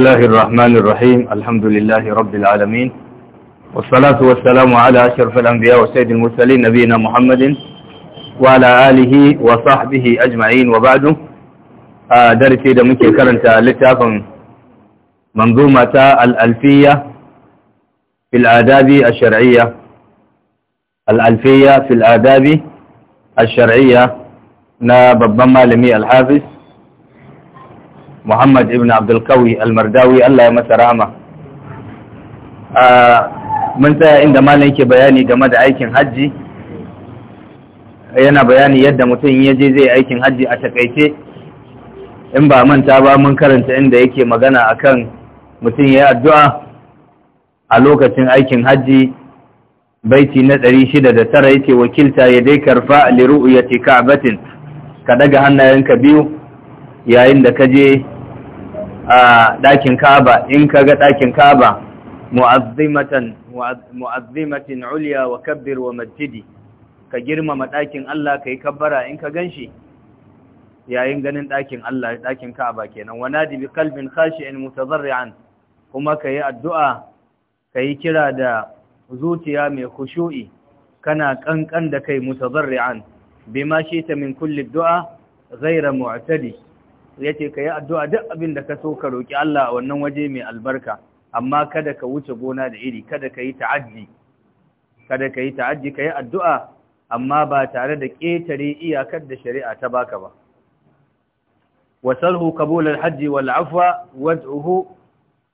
الله الرحمن الرحيم الحمد لله رب العالمين والصلاة والسلام على أشرف الأنبياء وسيد المرسلين نبينا محمد وعلى آله وصحبه أجمعين وبعد درسي da muke karanta منظومة الألفية في الآداب الشرعية الألفية في الآداب الشرعية نا ببما لمي الحافظ muhammad ibn Abdul abdulkawi almardawi allah ya masa rama mun tsaya inda malam yake bayani game da aikin hajji yana bayani yadda mutum ya je zai aikin hajji a takaice in ba manta ba mun karanta inda yake magana a kan mutum ya yi addu'a a lokacin aikin hajji baiti na ɗari shida da tara yake wakilta ya dai karfa a batin ka daga hannayenka biyu yayin da ka je a ɗakin kaba in ka ga ɗakin kaba mu'azzimatan uliya wa kabbir wa majjidi ka girmama ɗakin Allah ka yi kabbara in ka ganshi yayin ganin ɗakin Allah ɗakin kaba kenan wa nadi bi khashi in mutazarri'an kuma ka yi addu'a ka yi kira da zuciya mai khushu'i kana kankan da kai mutazarri'an bima shi ta min kulli du'a ghayra mu'tadi yace ka yi addu'a duk abin da ka so ka roƙi Allah a wannan waje mai albarka amma kada ka wuce gona da iri kada ka yi ta’adji, kada ka yi ta’adji ka yi addu'a amma ba tare da ƙetare iyakar da shari'a ta baka ba wasalhu kabulal hajji wal afwa wad'uhu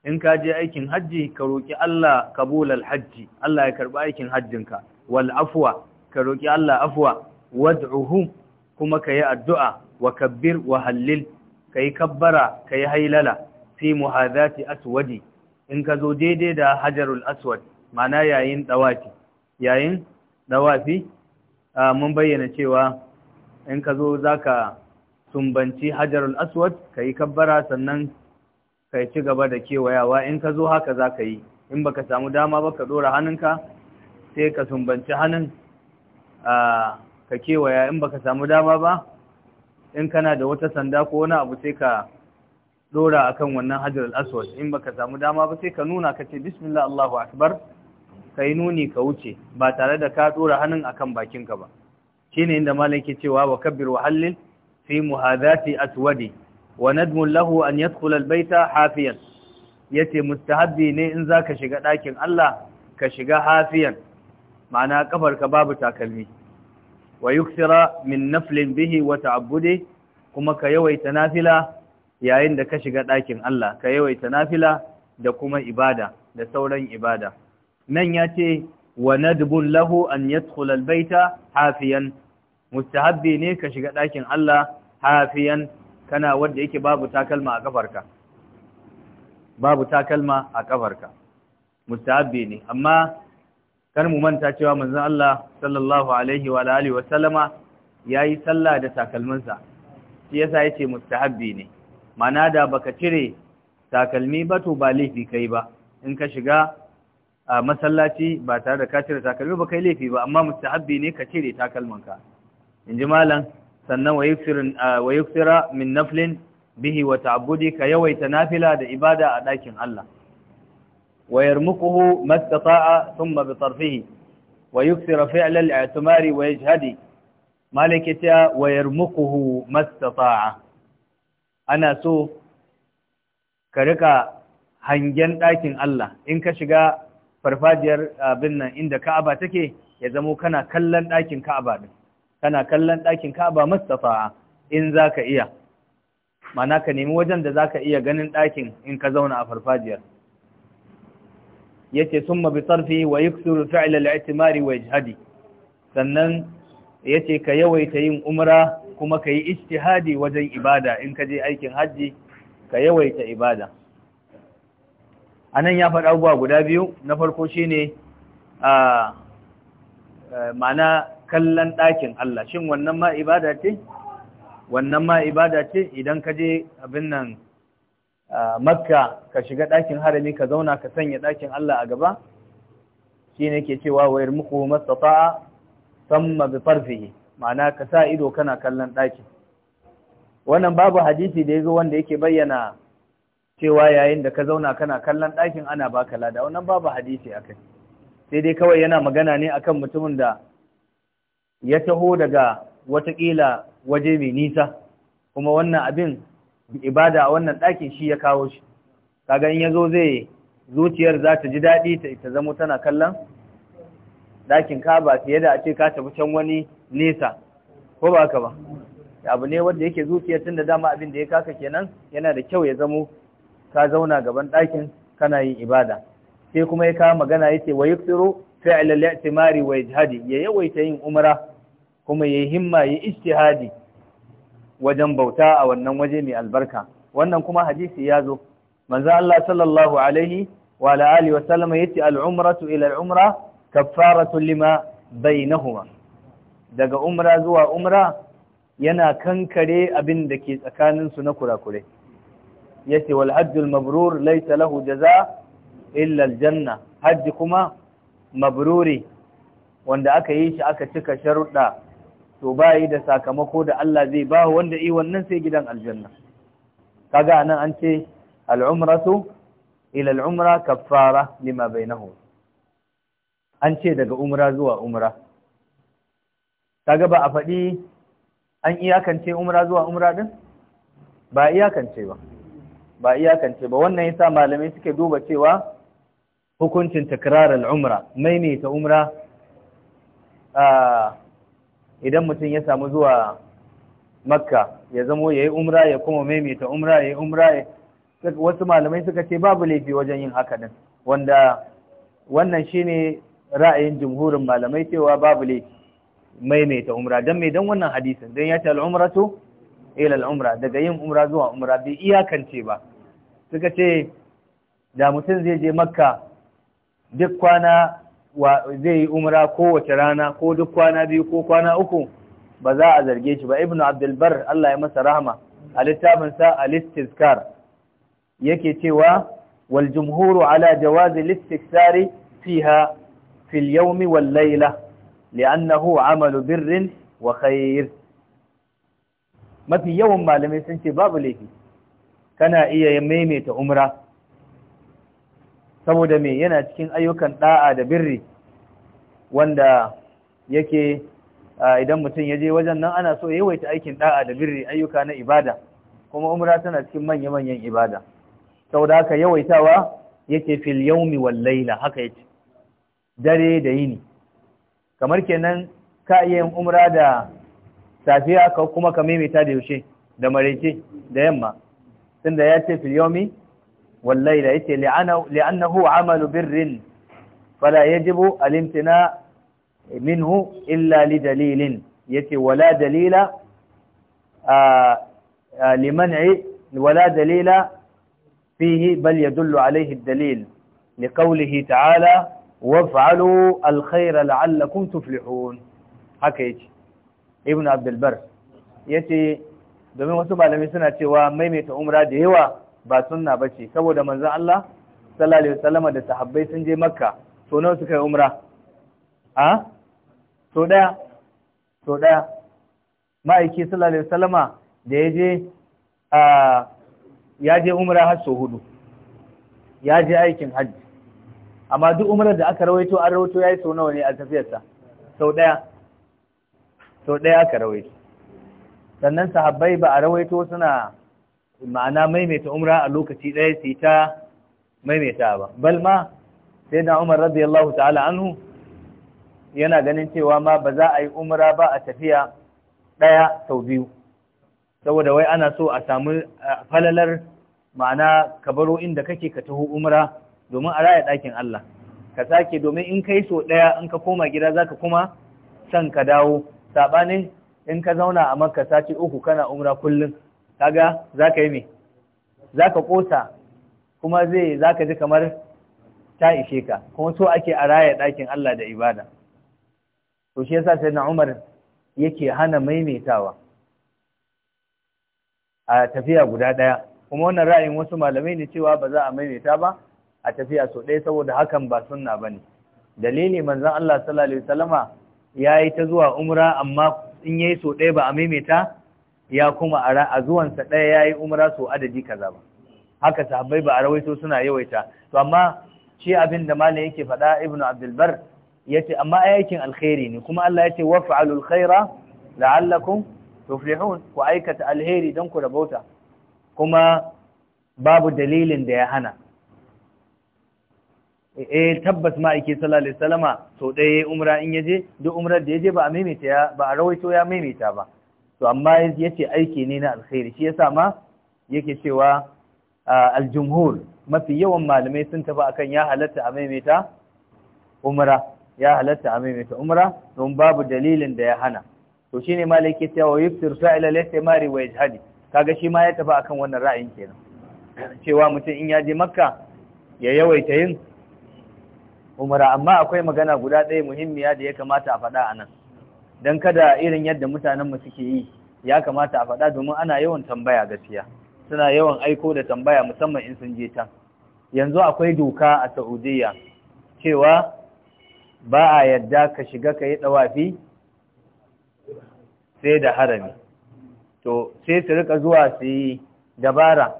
in ka je aikin hajji ka roƙi Allah kabulal hajji Allah ya karɓi aikin hajjinka wal afwa ka roƙi Allah afwa wad'uhu kuma ka yi addu'a wa kabbir wa hallil kai kabbara kai hailala fi muhadati aswadi in ka zo daidai da hajarul aswad mana yayin dawafi yayin dawafi mun bayyana cewa in ka zo zaka sumbanci hajarul aswad kai kabbara sannan kai ci gaba da kewayawa in ka zo haka zaka yi in baka samu dama ba ka dora hannunka sai ka sumbanci hannun ka kewaya in baka samu dama ba in kana da wata sanda ko wani abu sai ka dora akan wannan hajar aswad in ka samu dama ba sai ka nuna ka ce bismillah Allahu akbar kai nuni ka wuce ba tare da ka dora hannun akan bakinka ba shine inda malam ke cewa wa kabbir wa fi muhadati aswadi wa nadmun lahu an yadkhula al-baita hafiyan yace mustahabbi ne in zaka shiga ɗakin Allah ka shiga hafiyan ma'ana kafarka babu takalmi wa yukthira min naflin bihi wa abude. kuma ka yawaita nafila yayin da ka shiga ɗakin Allah ka yawaita nafila da kuma ibada da sauran ibada nan ya ce wa nadbun lahu an yadkhula albayta hafiyan mustahabbi ne ka shiga ɗakin Allah hafiyan kana wanda yake babu takalma a kafarka babu takalma a kafarka mustahabbi ne amma kar mu manta cewa manzon Allah sallallahu alaihi wa alihi wa sallama yayi sallah da takalminsa shi yasa yace mustahabbi ne mana da baka cire takalmi ba to ba laifi kai ba in ka shiga masallaci ba tare da ka cire takalmi ba kai laifi ba amma mustahabbi ne ka cire takalmanka inji malam sannan wa yuksira min naflin bihi wa ta'abbudi ka yawaita nafila da ibada a dakin Allah ويرمقه ما استطاع ثم بطرفه ويكثر فعل الاعتمار ويجهدي مالك تا ويرمقه ما استطاع أنا سو كركا hangen ɗakin Allah in ka shiga farfajiyar abin nan inda Ka'aba take ya zamo kana kallon ɗakin Ka'aba din kana kallon ɗakin Ka'aba mustafa in zaka iya ma'ana ka nemi wajen da zaka iya ganin ɗakin in ka zauna a farfajiyar yace summa bi sarfihi wa yukthiru fi'l al-i'timari wa jihadi sannan yace ka yawaita yin umra kuma ka yi ijtihadi wajen ibada in ka je aikin hajji ka yawaita ibada anan ya faɗa abubuwa guda biyu na farko shine ne mana kallon ɗakin Allah shin wannan ma ibada ce wannan ma ibada ce idan ka je abin nan makka ka shiga ɗakin harami ka zauna ka sanya ɗakin Allah a gaba shi ne ke cewa wa irmuku mastata'a san bi farfihi ma'ana ka sa ido kana kallon ɗakin wannan babu hadisi da ya zo wanda yake bayyana cewa yayin da ka zauna kana kallon ɗakin ana baka lada wannan babu hadisi akai sai dai kawai yana magana ne akan mutumin da ya taho daga watakila waje mai nisa kuma wannan abin ibada a wannan ɗakin shi ya kawo shi kaga in ya zo zai zuciyar za ta ji daɗi ta ita zamo tana kallon ɗakin ka ba fiye da a ce ka tafi can wani nesa ko ba ka ba abu ne wanda yake zuciyar tun da dama abin da ya kaka kenan yana da kyau ya zamo ka zauna gaban ɗakin kana yin ibada sai kuma ya kawo magana ya ce wa yi tsiro fi'ilal i'timari wa jihadi" ya yawaita yin umara kuma ya himma ya ijtihadi wajen bauta a wannan waje mai albarka wannan kuma hadisi ya zo manzo Allah sallallahu alaihi wa alihi wa sallama yace al-umratu ila al-umra kaffaratu lima bainahuma daga umra zuwa umra yana kankare abin da ke tsakanin su na kurakure yace wal hajjul mabrur laysa lahu jazaa illa al-janna hajji kuma mabruri wanda aka yi shi aka cika sharuɗa to bayi da sakamako da Allah zai ba wanda yi wannan sai gidan aljanna kaga nan an ce al'umratu ila al'umra kaffara lima bainahu an ce daga umra zuwa umra kaga ba a faɗi an iyakance umra zuwa umra din ba iyakance ba ba iyakance ba wannan yasa malamai suke duba cewa hukuncin takrar al'umra ta umra a ah, idan mutum ya samu zuwa makka ya zamo ya yi umra ya kuma maimaita umra ya yi umra wasu malamai suka ce babu laifi wajen yin haka din wanda wannan shine ra'ayin jumhurin malamai cewa babu laifi maimaita umra dan mai dan wannan hadisin dan ya ce al'umratu ila al'umra daga yin umra zuwa umra bai iyakance ba suka ce da mutum zai je makka duk kwana zai yi umra kowace rana ko duk kwana biyu ko kwana uku ba za a zarge shi ba ibnu abdulbar Allah ya masa rahama a littafinsa al-istizkar yake cewa wal jumhuru ala jawazi al-istiksari fiha في اليوم والليلة li'annahu amalu birrin wa khair Mafi yawan malamai sun ce babu laifi. Kana iya maimaita umara. saboda me yana cikin ayyukan ɗa'a da birri wanda yake idan mutum ya je wajen nan ana so yawaita aikin ɗa'a da birri ayyuka na ibada kuma umra tana cikin manya-manyan ibada saboda haka yawaitawa yake fil yaumi wal laila haka yake dare da yini kamar kenan ka iya yin umra da safiya ka kuma ka maimaita da yaushe da maraice da yamma tunda ya ce fil yaumi والليل يتي لأنه عمل بر فلا يجب الامتناع منه إلا لدليل يتي ولا دليل آآ آه، آآ آه، لمنع ولا دليل فيه بل يدل عليه الدليل لقوله تعالى وافعلوا الخير لعلكم تفلحون حكيت ابن عبد البر يتي ce domin wasu malamai suna cewa maimaita umra ba sunna ce. saboda manzan Allah sallallahu alaihi wasallama da sahabbai sun je makka to nawa suka yi umra a to daya to daya ma'aiki sallallahu alaihi wasallama da ya je a ya je umra har so hudu ya je aikin hajji amma duk umrar da aka rawaito an rawaito yayi sau nawa ne a tafiyarsa sau ɗaya. sau ɗaya aka rawaito sannan sahabbai ba a rawaito suna ma'ana maimaita umra a lokaci ɗaya su ta maimaita ba bal ma sai na umar radiyallahu ta'ala anhu yana ganin cewa ma ba za a yi umra ba a tafiya ɗaya sau biyu saboda wai ana so a samu falalar ma'ana ka baro inda kake ka taho umra domin a raya ɗakin Allah ka sake domin in kai so ɗaya in ka koma gida za ka kuma san ka dawo saɓanin in ka zauna a maka sati uku kana umra kullum kaga zaka yi me zaka kosa kuma zai zaka ji kamar ta ishe ka kuma so ake a raya ɗakin Allah da ibada to shi yasa na Umar yake hana maimaitawa a tafiya guda ɗaya kuma wannan ra'ayin wasu malamai ne cewa ba za a maimaita ba a tafiya so ɗaya saboda hakan ba sunna bane dalili manzon Allah sallallahu alaihi wasallama yayi ta zuwa umra amma in yayi so ɗaya ba a maimaita ya kuma a zuwansa ɗaya ya yi umara so adadi kaza ba haka sahabbai ba a rawaito suna yawaita to amma shi abin da malam yake faɗa ibnu abdulbar ya ce amma aikin alheri ne kuma Allah ya ce wafa'alul khaira la'allakum tuflihun ku aikata alheri don ku rabauta kuma babu dalilin da ya hana E tabbas ma'aiki sallallahu alaihi wasallama sau ɗaya umra in yaje duk umrar da yaje ba a maimaita ba a rawaito ya maimaita ba to amma yace aiki ne na alkhairi shi yasa ma yake cewa aljumhur mafi yawan malamai sun tafi akan ya halatta a maimaita umra ya halatta a maimaita umra don babu dalilin da ya hana to shi shine malaki cewa yuftir sa'ila laysa wa yajhadi kaga shi ma ya tafi akan wannan ra'ayin kenan cewa mutum in ya je makka ya yawaita yin umra amma akwai magana guda ɗaya muhimmiya da ya kamata a faɗa a nan don kada irin yadda mutanenmu suke yi ya kamata a faɗa domin ana yawan tambaya gaskiya suna yawan aiko da tambaya musamman in sun je ta. yanzu akwai doka a Saudiya cewa ba a yadda ka shiga ka yi ɗawafi sai da harami to sai su rika zuwa su yi dabara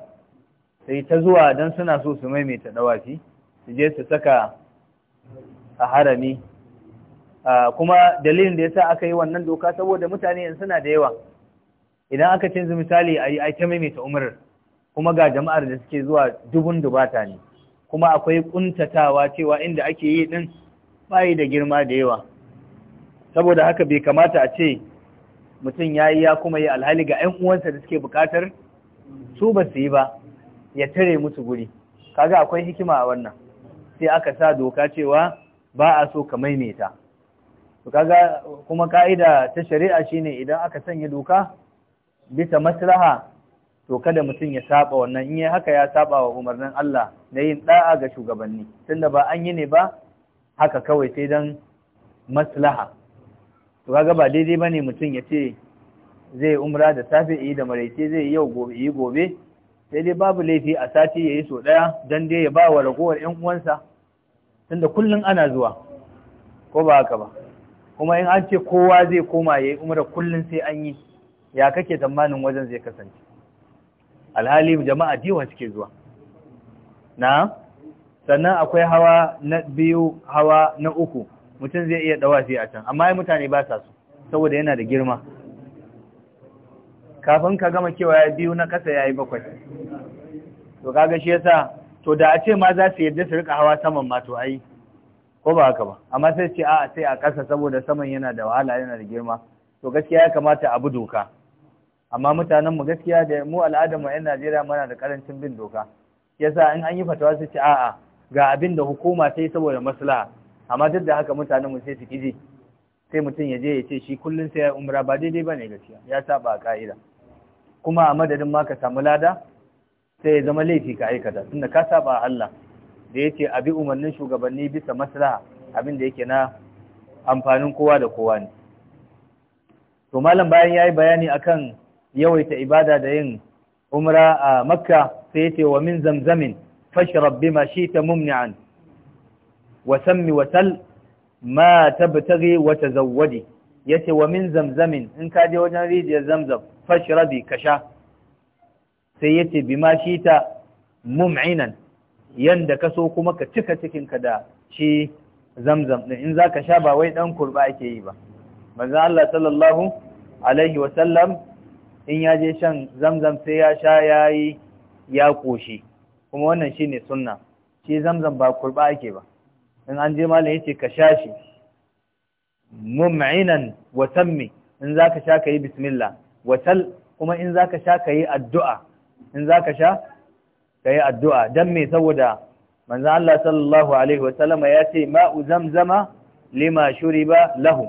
sai ta zuwa don suna so su maimaita ɗawafi su je su saka a harami kuma dalilin da yasa aka yi wannan doka saboda mutane yanzu suna da yawa idan aka canza misali a yi ai ta maimaita umar, kuma ga jama'ar da suke zuwa dubun dubata ne kuma akwai kuntatawa cewa inda ake yi din yi da girma da yawa saboda haka bai kamata a ce mutum ya yi ya kuma yi alhali ga 'yan uwansa da suke bukatar su ba su yi ba ya tare musu guri kaga akwai hikima a wannan sai aka sa doka cewa ba a so ka maimaita kaga kuma ka'ida ta shari'a shine idan aka sanya doka bisa maslaha to kada mutum ya saba wannan in ya haka ya saba wa umarnin Allah na yin da'a ga shugabanni tunda ba an yi ne ba haka kawai sai dan maslaha to kaga ba daidai bane mutum ya ce zai umra da safe yi da maraice zai yau gobe yi gobe sai dai babu laifi a sati yayi so daya dan dai ya ba wa ragowar ƴan uwansa tunda kullun ana zuwa ko ba haka ba kuma in an ce kowa zai koma ya yi umara kullum sai an yi ya kake tsammanin wajen zai kasance alhali jama'a diwa suke zuwa na sannan akwai hawa na biyu hawa na uku mutum zai iya sai a can amma mutane ba sa su saboda yana da girma kafin ka gama cewa ya biyu na kasa ya yi bakwai to kaga shi yasa to da a ce ma za su yadda su rika hawa saman ma to ai ko ba haka ba amma sai ce a sai a ƙasa saboda saman yana da wahala yana da girma to gaskiya ya kamata a bi doka amma mutanen mu gaskiya da mu al'adar mu yan Najeriya muna da karancin bin doka yasa in an yi fatawa sai ce a'a ga abin da hukuma sai saboda maslaha amma duk da haka mutanen mu sai su kiji sai mutum ya je ya ce shi kullum sai ya umra ba daidai bane gaskiya ya saba ka'ida kuma a madadin ma ka samu lada sai ya zama laifi ka aikata tunda ka saba Allah da ya yace abi umarnin shugabanni bisa maslaha abin da yake na amfanin kowa da kowa ne to malam bayan ya yi bayani akan yawaita ibada da yin umra a makka sai yace wa min zamzamin fashrab bima shita mumni'an wa sammi wa sal ma tabtaghi wa tazawwadi yace wa min zamzamin in ka je wajen rijiyar zamzam fashrabi kasha sai yace bima shita mum'inan yanda ka so kuma ka cika cikinka da shi zamzam ɗin in za ka sha ba wai ɗan kurɓa ake yi ba manzo Allah sallallahu alaihi wasallam in ya je shan zamzam sai ya sha ya yi ya koshi kuma wannan shi ne sunna shi zamzam ba kurɓa ake ba in an je malam yace ka sha shi mum'inan wa tammi in za ka sha ka yi bismillah wa kuma in za ka sha ka yi addu'a in za ka sha ka yi addu'a don me saboda manzan Allah sallallahu Alaihi wasallama ya ce ma'u zamzama lima shuri ba lahu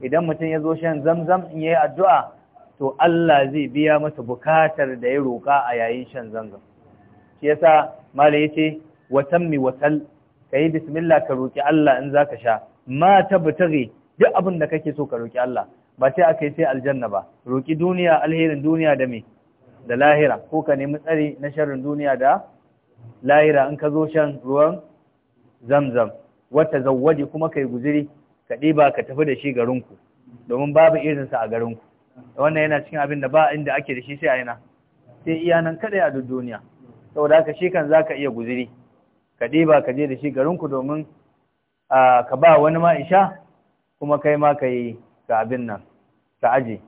idan mutum ya zo shan zamzam in ya yi addu'a to Allah zai biya masa bukatar da ya roƙa a yayin shan zamzam shi yasa mala ya ce watan mi watal ka yi bismillah ka roƙi Allah in za ka sha ma ta duk abin da kake so ka roƙi Allah ba sai aka yi sai aljanna ba roƙi duniya alherin duniya da me da lahira ko ka nemi tsari na sharrin duniya da lahira in ka zo shan ruwan zamzam wata zawaje kuma kai guziri ka ɗiba ka tafi da shi garinku domin babu irinsa a garinku wannan yana cikin abin da ba inda ake da shi sai a aina sai iya nan kaɗai a duk duniya saboda haka shi kan za ka iya guziri ka ɗiba ka je da shi garinku domin ka ba wani ma isha kuma kai ma ka yi ka abin nan ka aje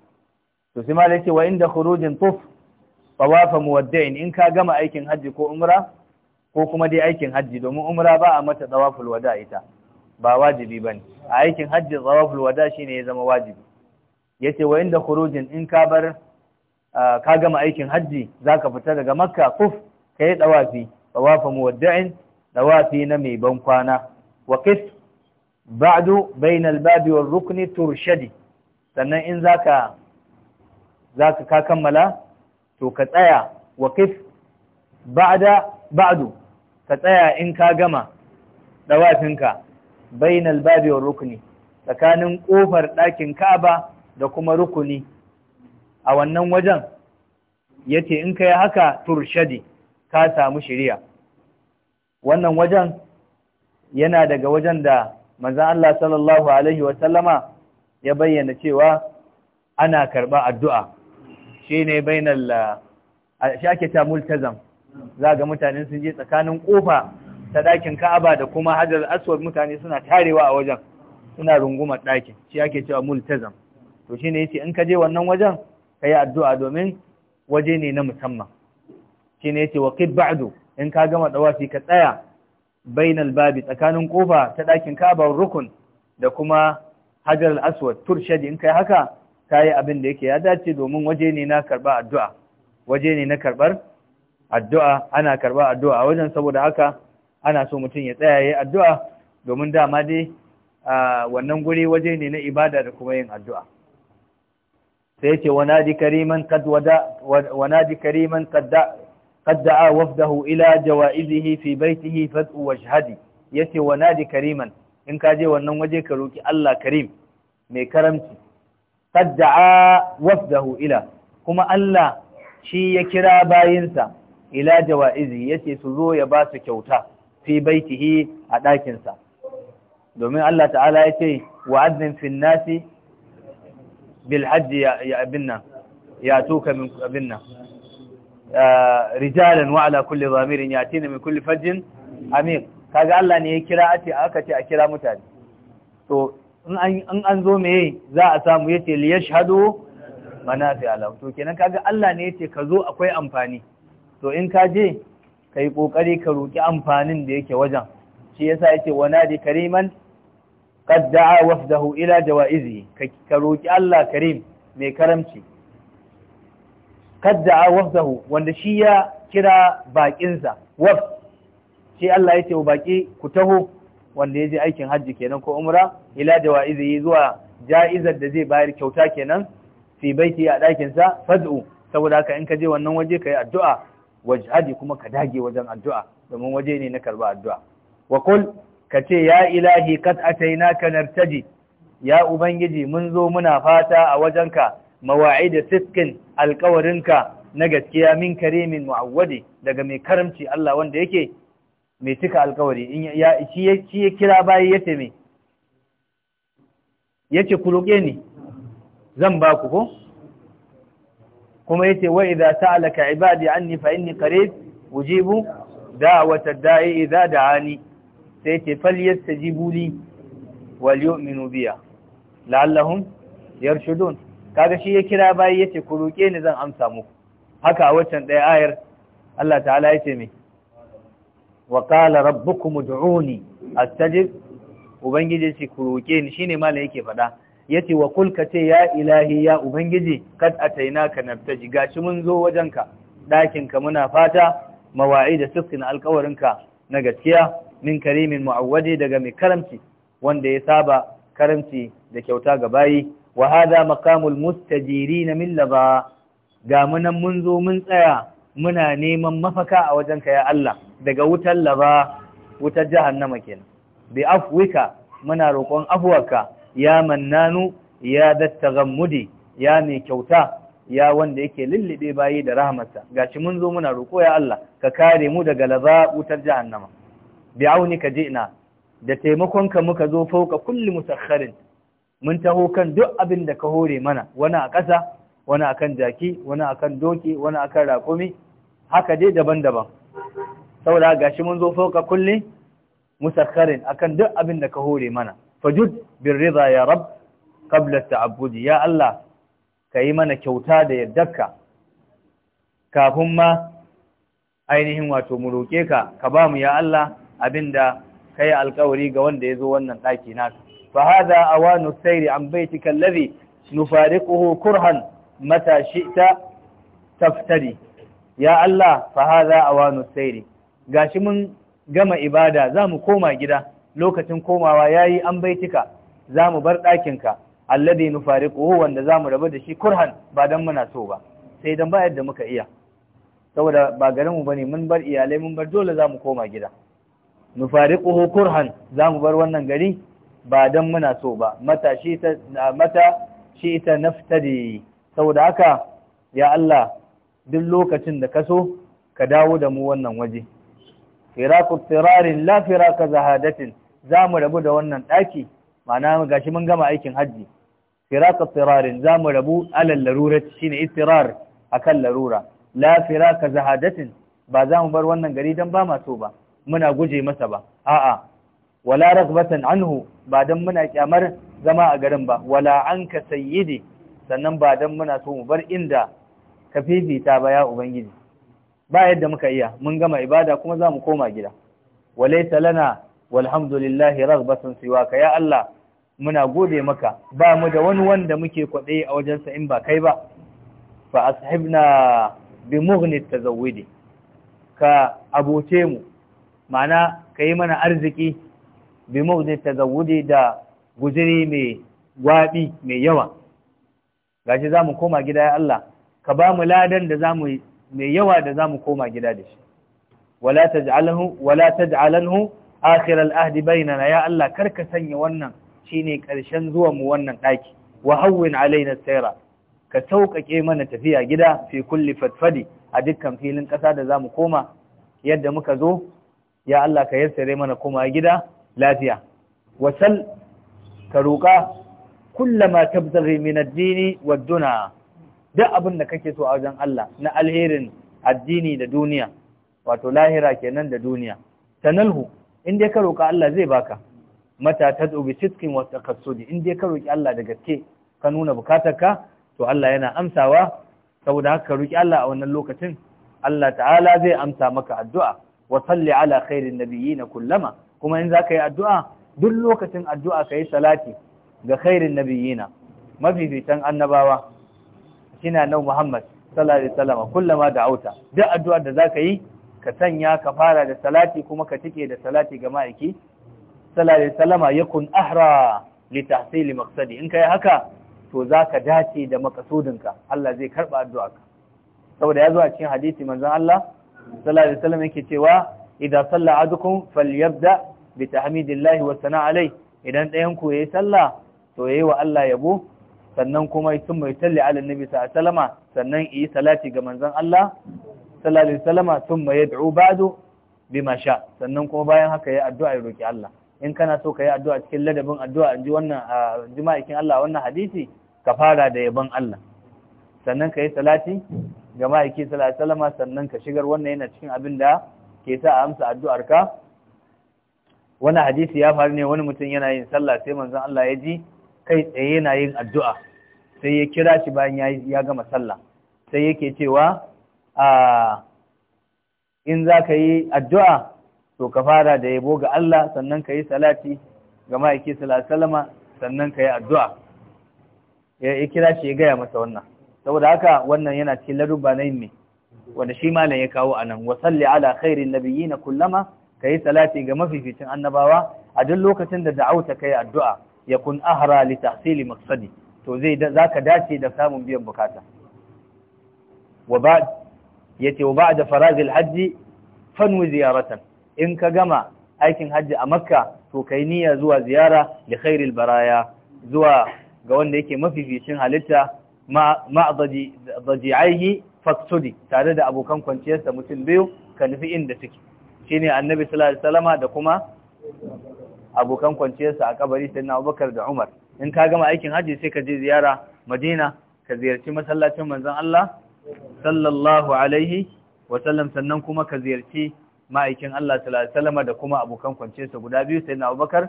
to sai ma da ce wa inda khurujin tuf tawafa muwaddain in ka gama aikin hajji ko umra ko kuma dai aikin hajji domin umra ba a mata tawaful wada ita ba wajibi bane a aikin hajji tawaful wada shine ya zama wajibi yace wa inda khurujin in ka bar ka gama aikin hajji zaka fita daga makka kuf kai tawafi tawafa muwaddain tawafi na mai ban kwana wa qis ba'du bainal babi wal rukni turshadi sannan in zaka zaka ka kammala to ka tsaya kif ba'da ba'du ka tsaya in ka gama dawatinka bainal babi wa rukni tsakanin kofar ɗakin Ka'aba da kuma rukuni a wannan wajen yace in kai haka turshadi ka samu shiriya wannan wajen yana daga wajen da manzon Allah sallallahu alaihi ya bayyana cewa ana karɓa addu'a shi ne ake ta multazam za ga mutane sun je tsakanin kofa ta ɗakin ka'aba da kuma hajar aswad mutane suna tarewa a wajen suna rungumar ɗakin shi ake cewa multazam to shi ne yace in ka je wannan wajen ka yi addu'a domin waje ne na musamman shi ne yace waqid ba'du in ka gama dawafi ka tsaya bainal babi tsakanin kofa ta ɗakin ka'aba rukun da kuma hajar aswad turshadi in kai haka ta yi abin da yake ya dace domin waje ne na karɓa addu'a waje ne na karɓar addu'a ana karɓa addu'a wajen saboda haka ana so mutum ya tsaya ya yi addu'a domin dama dai wannan guri waje ne na ibada da kuma yin addu'a sai ce wanadi kariman qad wafdahu ila jawaizihi fi baitihi fad'u wajhadi yace wanadi kariman in ka je wannan waje ka roki Allah karim mai karamci qad da'a wafdahu ila kuma Allah shi ya kira bayinsa ila jawaizi yace su zo ya ba su kyauta fi baitihi a ɗakinsa domin Allah ta'ala ya ce wa'adin fin nasi bil hajji ya abin ya tuka min abinna. nan rijalan wa ala kulli zamirin yatina min kulli fajjin amir kaga Allah ne ya kira ace aka ce a kira mutane to in an zo meye za a samu yace li yashhadu manafi alahu to kenan kaga Allah ne yace ka zo akwai amfani to in ka je kai ƙoƙari ka roki amfanin da yake wajen shi yasa yace wanadi kariman qad da'a wafdahu ila jawaizi ka roki Allah karim mai karamci qad da'a wafdahu wanda shi ya kira baƙinsa, waf shi Allah yace baki ku taho wanda ya je aikin hajji kenan ko umra ila wa'izi zuwa ja'izar da zai bayar kyauta kenan fi baiti a ɗakinsa. sa fad'u saboda haka in ka je wannan waje ka yi addu'a wajhadi kuma ka dage wajen addu'a domin waje ne na karba addu'a wa qul ka ce ya ilahi kad atainaka nartaji ya ubangiji mun zo muna fata a wajenka mawa'id sitkin alƙawarinka na gaskiya min karimin mu'awwadi daga mai karamci Allah wanda yake mai cika alkawari shi ya kira bayi ya ce mai ya ku roƙe ni zan ba ku ko kuma ya ce wa idza sa'alaka ibadi anni fa inni qarib ujibu wata da'i idza da'ani sai ce ji li wal yu'minu biya la'allahum yarshudun kaga shi ya kira bayi ya ce ku roƙe ni zan amsa muku haka a waccan ɗaya ayar Allah ta'ala ya ce mai wa qala rabbukum ud'uni astajib ubangiji ce kuroke ni shine mala yake faɗa yace wa kul kace ya ilahi ya ubangiji kad atainaka nabtaji gashi mun zo wajenka ɗakin ka muna fata mawa'ida sifkin alƙawarinka na gaskiya min karimin mu'awwadi daga mai karamci wanda ya saba karamci da kyauta ga bayi wa hada maqamul na min laba ga munan mun zo mun tsaya muna neman mafaka a wajenka ya Allah daga wutar laba wutar jahannama kenan bi afwika muna roƙon afwarka ya mannanu ya dattagammudi ya mai kyauta ya wanda yake lullube bayi da rahmatsa gashi mun zo muna roƙo ya Allah ka kare mu daga laba wutar jahannama bi aunika ji'na da taimakonka muka zo fauka kulli musakharin mun taho kan duk abin da ka hore mana wani a ƙasa wani akan jaki wani kan doki wani akan Rakumi, haka dai daban-daban saboda gashi mun zo fauka kulli musakkarin akan duk abin da ka hore mana fajud bin rida ya rab qabla ta'abbudi ya Allah kai mana kyauta da yardarka kafin ma ainihin wato mu roke ka ka ba mu ya Allah abinda kai alkawari ga wanda yazo wannan daki na fa hada awanu sayri an baitika alladhi nufariquhu kurhan mata shi'ta taftari ya Allah fa hada awanu sayri gashi mun gama ibada za mu koma gida lokacin komawa ya yi an baitika za mu bar ɗakinka nu fari wanda za mu rabu da shi kurhan ba don muna so ba sai don ba yadda muka iya saboda ba garinmu ne, mun bar iyalai mun bar dole za mu koma gida Nu nufariquhu kurhan za mu bar wannan gari ba don muna so ba mata shi ta mata da yi. naftadi saboda haka ya Allah duk lokacin da ka so ka dawo da mu wannan waje firaku firarin la firaka zahadatin za mu rabu da wannan ɗaki ma'ana gashi mun gama aikin hajji firaka firarin za mu rabu alal larura shine a kan larura la firaka zahadatin ba za mu bar wannan gari dan ba ma ba muna guje masa ba a'a wala ragbatan anhu ba dan muna kyamar zama a garin ba wala anka sayyidi sannan ba dan muna so mu bar inda ka fifita ba ya ubangiji ba yadda muka iya mun gama ibada kuma za mu koma gida walaita lana walhamdulillahi raghbatan siwaka ya Allah muna gode maka ba mu da wani wanda muke kwaɗe a wajensa in ba kai ba fa ashibna bi mughni tazawwudi ka aboce mu ma'ana kai mana arziki bi mughni tazawwudi da gujiri mai gwabi mai yawa gashi mu koma gida ya Allah ka ba mu ladan da za zamu mai yawa da za mu koma gida da shi wala ta wala taj'alanhu akhir al bainana ya Allah karka sanya wannan shine karshen zuwan mu wannan ɗaki. wa hawwin alaina sayra ka sauƙaƙe mana tafiya gida fi kulli fatfadi a dukkan filin ƙasa da zamu koma yadda muka zo ya Allah ka yassare mana koma gida lafiya wasal ka roƙa kullama tabtaghi min ad duk abin da kake so a wajen Allah na alherin addini da duniya wato lahira kenan da duniya tanalhu in dai ka roƙa Allah zai baka mata ta bi sidqin wa taqassudi in dai ka roƙi Allah da gaske ka nuna bukatarka to Allah yana amsawa saboda haka ka roƙi Allah a wannan lokacin Allah ta'ala zai amsa maka addu'a wa salli ala khairin nabiyyin kullama kuma in zaka yi addu'a duk lokacin addu'a ka yi salati ga khairin nabiyina mafificin annabawa Kina nan Muhammad sallallahu alaihi wasallam kullama da'auta duk addu'ar da zaka yi ka sanya ka fara da salati kuma ka tike da salati ga ma'aiki sallallahu alaihi wasallam yakun ahra li tahsil maqsadi in kai haka to zaka dace da makasudinka Allah zai karba addu'arka saboda ya zo a cikin hadisi manzon Allah sallallahu alaihi wasallam yake cewa idan salla adukum falyabda bi tahmidillahi wa sana alai idan ɗayan ku yayi sallah to yayi wa Allah yabo sannan kuma sun mai talli ala nabi Salama, sannan yi salati ga manzon Allah salalin salama sun mai yad'u ba'du bi sha sannan kuma bayan haka ya addu'a ya roƙi Allah in kana so ka yi addu'a cikin ladabin addu'a in ji wannan jima'ikin Allah wannan hadisi ka fara da yabon Allah sannan ka yi salati ga ma'aiki salama sannan ka shigar wannan yana cikin abin da ke sa a amsa addu'ar ka wani hadisi ya faru ne wani mutum yana yin sallah sai manzon Allah ya ji kai tsaye yana yin addu'a sai ya kira shi bayan ya gama sallah sai yake cewa in za ka yi addu'a to ka fara da yabo ga Allah sannan ka yi salati ga ma'aiki salama sannan ka yi addu'a ya kira shi ya gaya masa wannan saboda haka wannan yana cikin larubba na yin wanda shi malam ya kawo anan wa salli ala khairin nabiyyi na kullama ka yi salati ga mafificin annabawa a duk lokacin da da'auta ka yi addu'a yakun ahra li tahsili maqsadi to zai zaka dace da samun biyan bukata wa ba yace wa ba'da faraz al-hajj fanwi ziyaratan in ka gama aikin hajji a makka to kai niyya zuwa ziyara li khairil baraya zuwa ga wanda yake mafificin halitta ma'adaji'aihi faksudi tare da abokan kwanciyarsa mutum biyu ka nufi inda suke shine annabi sallallahu alaihi wasallama da kuma abokan kwanciyarsa a kabari sai na Abubakar da Umar in ka gama aikin hajji sai ka je ziyara Madina ka ziyarci masallacin manzon Allah sallallahu alaihi wa sallam sannan kuma ka ziyarci ma'aikin Allah sallallahu da kuma abokan kwanciyarsa guda biyu sai na Abubakar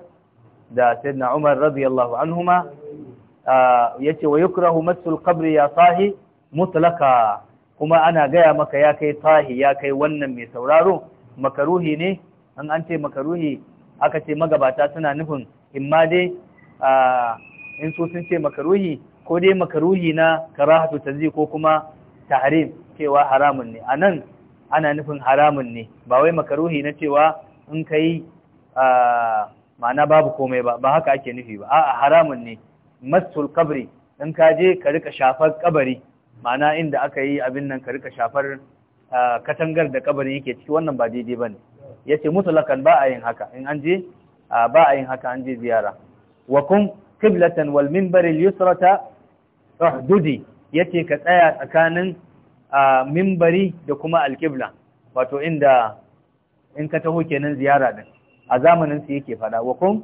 da sayyidina Umar radiyallahu anhuma yace wa yukrahu masul qabri ya tahi mutlaka kuma ana gaya maka ya kai tahi ya kai wannan mai sauraro makaruhi ne an an ce makaruhi aka ce magabata suna nufin ma dai in su sun ce makaruhi ko dai makaruhi na karahatu ta ko kuma tahrim cewa haramun ne A nan ana nufin haramun ne ba wai makaruhi na cewa in kai ma'ana babu komai ba ba haka ake nufi ba a'a haramun ne masul kabri in ka je ka rika shafar kabari ma'ana inda aka yi abin nan ka rika shafar katangar da kabari yake ciki wannan ba daidai ba ne. ya ce mutulakan ba a yin haka in an je ba a yin haka an je ziyara wa kun kiblatan wal minbaril yusrata uhdudi yace ka tsaya tsakanin minbari da kuma alqibla wato inda in ka taho kenan ziyara din a zamanin su yake fada wa kun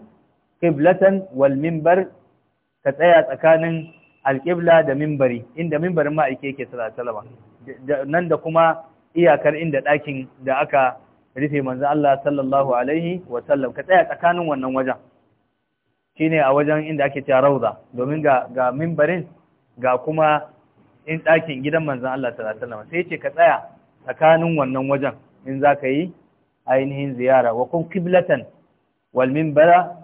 kiblatan wal minbar ka tsaya tsakanin alkibla da minbari inda minbarin ma ake yake sallallahu alaihi wasallam nan da kuma iyakar inda ɗakin da aka rufe manzo Allah sallallahu alaihi wa sallam ka tsaya tsakanin wannan wajen shine a wajen inda ake cewa rauza domin ga ga ga kuma in ɗakin gidan manzo Allah sallallahu alaihi wa sai ce ka tsaya tsakanin wannan wajen in za ka yi ainihin ziyara wa kun qiblatan wal minbara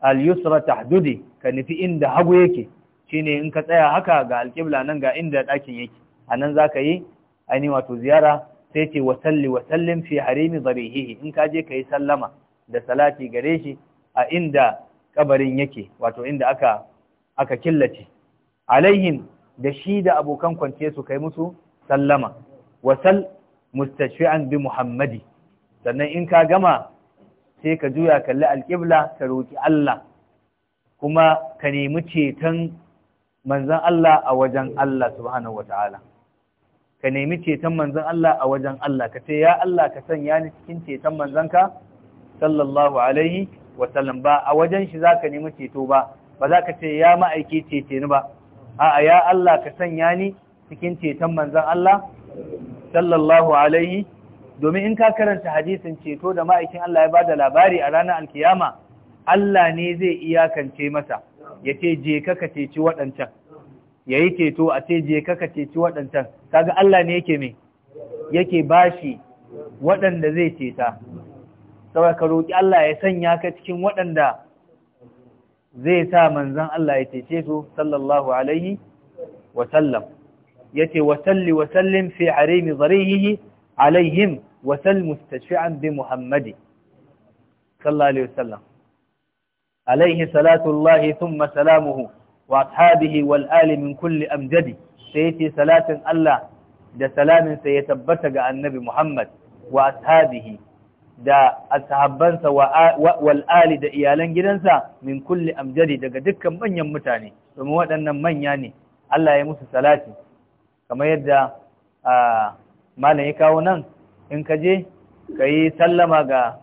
al yusra tahdudi ka nufi inda hagu yake shine in ka tsaya haka ga Alƙibla nan ga inda ɗakin yake anan ka yi ainihin wato ziyara sai ce wasalli, wasallin fi harimi zarihihi in ka je ka yi sallama da salati gare shi a inda kabarin yake wato inda aka aka killace alaihim da shi da abokan kwance su kai musu sallama wasal sal mustashfi'an bi muhammadi sannan in ka gama sai ka juya kalli alƙibla ka roki Allah kuma ka nemi ceton manzon Allah a wajen Allah subhanahu wataala ka nemi ceton manzan Allah a wajen Allah ka ce ya Allah ka sanya ni cikin ceton manzanka sallallahu alaihi wa sallam ba a wajen shi za ka nemi ceto ba ba za ka ce ya ma'aiki cece ni ba a'a ya Allah ka sanya ni cikin ceton manzan Allah sallallahu alaihi domin in ka karanta hadisin ceto da ma'aikin Allah ya bada labari a ranar alkiyama Allah ne zai iyakance masa ya ce je ka ka ceci waɗancan yayi keto a ce je kaka ceci waɗancan kaga Allah ne yake me yake bashi waɗanda zai ceta saboda ka roki Allah ya sanya ka cikin waɗanda zai sa manzan Allah ya cece su sallallahu alaihi wa sallam ce wa salli wa sallim fi harimi dharihi alaihim wa sal mustashfi'an bi muhammadi sallallahu alaihi wa sallam alaihi salatu Allah thumma salamuhu wa ashabihi wal ali min kulli amjadi sai yace salatin Allah da salamin sa ya tabbata ga annabi Muhammad wa ashabihi da ashabansa wal ali da iyalan gidansa min kulli amjadi daga dukkan manyan mutane domin waɗannan manya ne Allah ya musu salati kamar yadda malam ya kawo nan in ka je ka yi sallama ga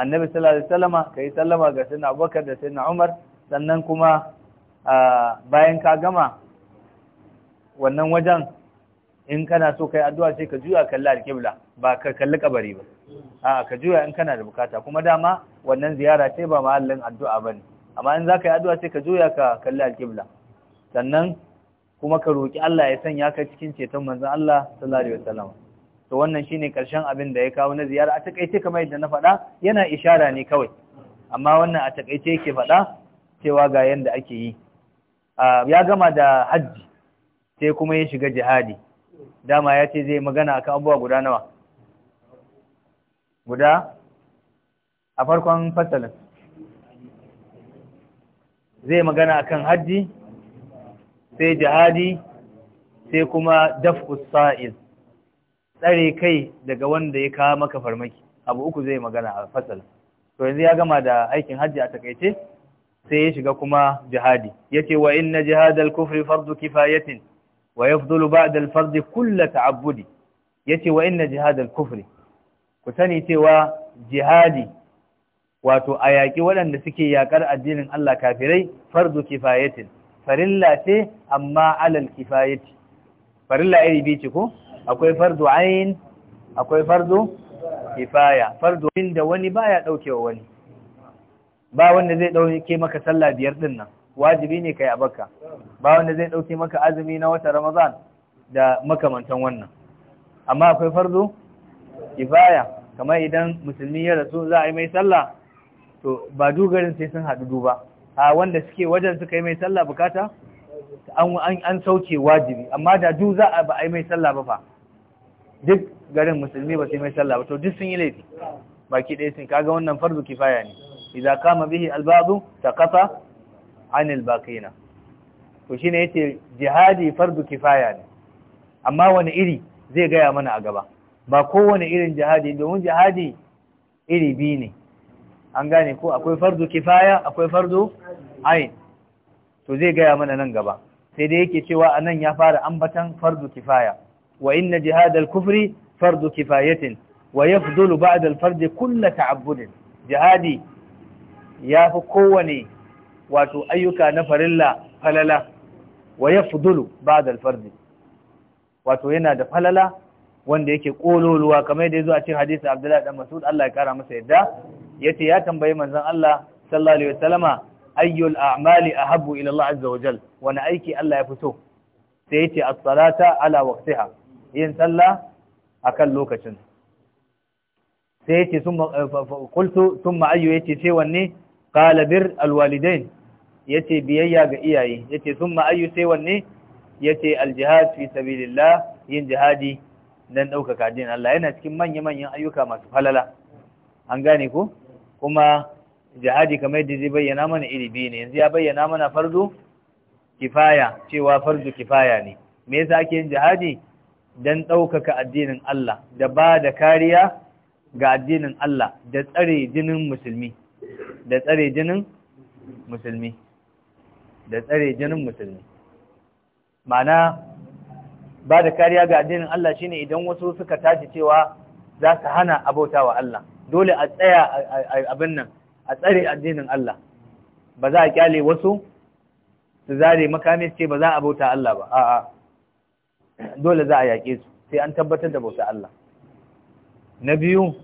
annabi sallallahu alaihi wasallama ka yi sallama ga sayyidina Abubakar da sayyidina Umar sannan kuma bayan ka gama wannan wajen in kana so kai addu'a sai ka juya kalli alƙibla ba ka kalli kabari ba a ka juya in kana da bukata kuma dama wannan ziyara ce ba mahallin addu'a ba ne. amma in za ka yi addu'a sai ka juya ka kalli alƙibla sannan kuma ka roƙi Allah ya sanya ka cikin ceton manzon Allah sallallahu alaihi wasallam to wannan shine karshen abin da ya kawo na ziyara a takaice kamar yadda na faɗa yana ishara ne kawai amma wannan a takaice yake faɗa cewa ga yanda ake yi ya gama da hajji sai kuma ya shiga jihadi dama ya ce zai magana akan abubuwa guda nawa guda a farkon fasalin zai magana kan hajji sai jihadi sai kuma daf'us sa'il tsare kai daga wanda ya kawo maka farmaki abu uku zai magana a fasalin to yanzu ya gama da aikin hajji a takaice sai ya shiga kuma jihadi yace wa inna jihadal kufri fardu kifayatin wa yafdulu ba'da al-fard kullu ta'abbudi yace wa inna jihadal kufri ku sani cewa jihadi wato a yaƙi waɗanda suke yaƙar addinin Allah kafirai fardu kifayatin farilla ce amma alal kifayati farilla iri biyu ce ko akwai fardu ain akwai fardu kifaya fardu inda wani baya ɗaukewa wani ba wanda zai ɗauke maka sallah biyar ɗin nan wajibi ne kai abaka ba wanda zai ɗauke maka azumi na wata ramazan da makamantan wannan amma akwai farzo kifaya kamar idan musulmi ya rasu za a yi mai sallah to ba dogarin sai sun haɗu duba a wanda suke wajen suka yi mai sallah bukata an sauke wajibi amma da du za a ba a yi mai sallah ba fa duk garin musulmi ba su yi mai sallah ba to duk sun yi laifi baki ɗaya sun kaga wannan farzu kifaya ne idza kama bihi albabu taqafa anil baqina to shine yace jihadi fardu kifaya ne amma wani iri zai gaya mana a gaba ba kowane irin jihadi domin jihadi iri bi ne an gane ko akwai fardu kifaya akwai fardu ain to zai gaya mana nan gaba sai dai yake cewa anan ya fara ambatan fardu kifaya wa inna jihadal kufri fardu kifayatin wa yafdulu ba'da al-fard kull ta'abbud jihadi ya fi kowane wato ayyuka na farilla falala wa ya fudulu ba da alfardi wato yana da falala wanda yake kololuwa kamar yadda ya zo a cikin hadisi abdullahi dan masud Allah ya kara masa yadda Ya ce ya tambayi manzon Allah sallallahu alaihi wasallama ayyul a'mali ahabbu ila Allah azza wajal wani aiki Allah ya fito sai yace as-salata ala waqtiha yin sallah akan lokacin sai yace sun qultu thumma ayyu yace sai wanne qala bir alwalidain yace biyayya ga iyaye yace summa ayyu sai wanne yace aljihad fi sabilillah yin jihadi dan ɗaukaka din Allah yana cikin manya manyan ayyuka masu falala an gane ku? kuma jihadi kamar yadda zai bayyana mana iri ne yanzu ya bayyana mana fardu kifaya cewa fardu kifaya ne me yasa ake yin jihadi dan ɗaukaka addinin Allah da ba da kariya ga addinin Allah da tsare jinin musulmi da tsare jinin musulmi da tsare jinin musulmi mana ba da kariya ga addinin Allah shine idan wasu suka tashi cewa za su hana abotawa Allah dole a tsaya abin nan a tsare addinin Allah ba za a kyale wasu su zare makami su ce ba za a bauta Allah ba a'a dole za a yaƙe su sai an tabbatar da bauta Allah na biyu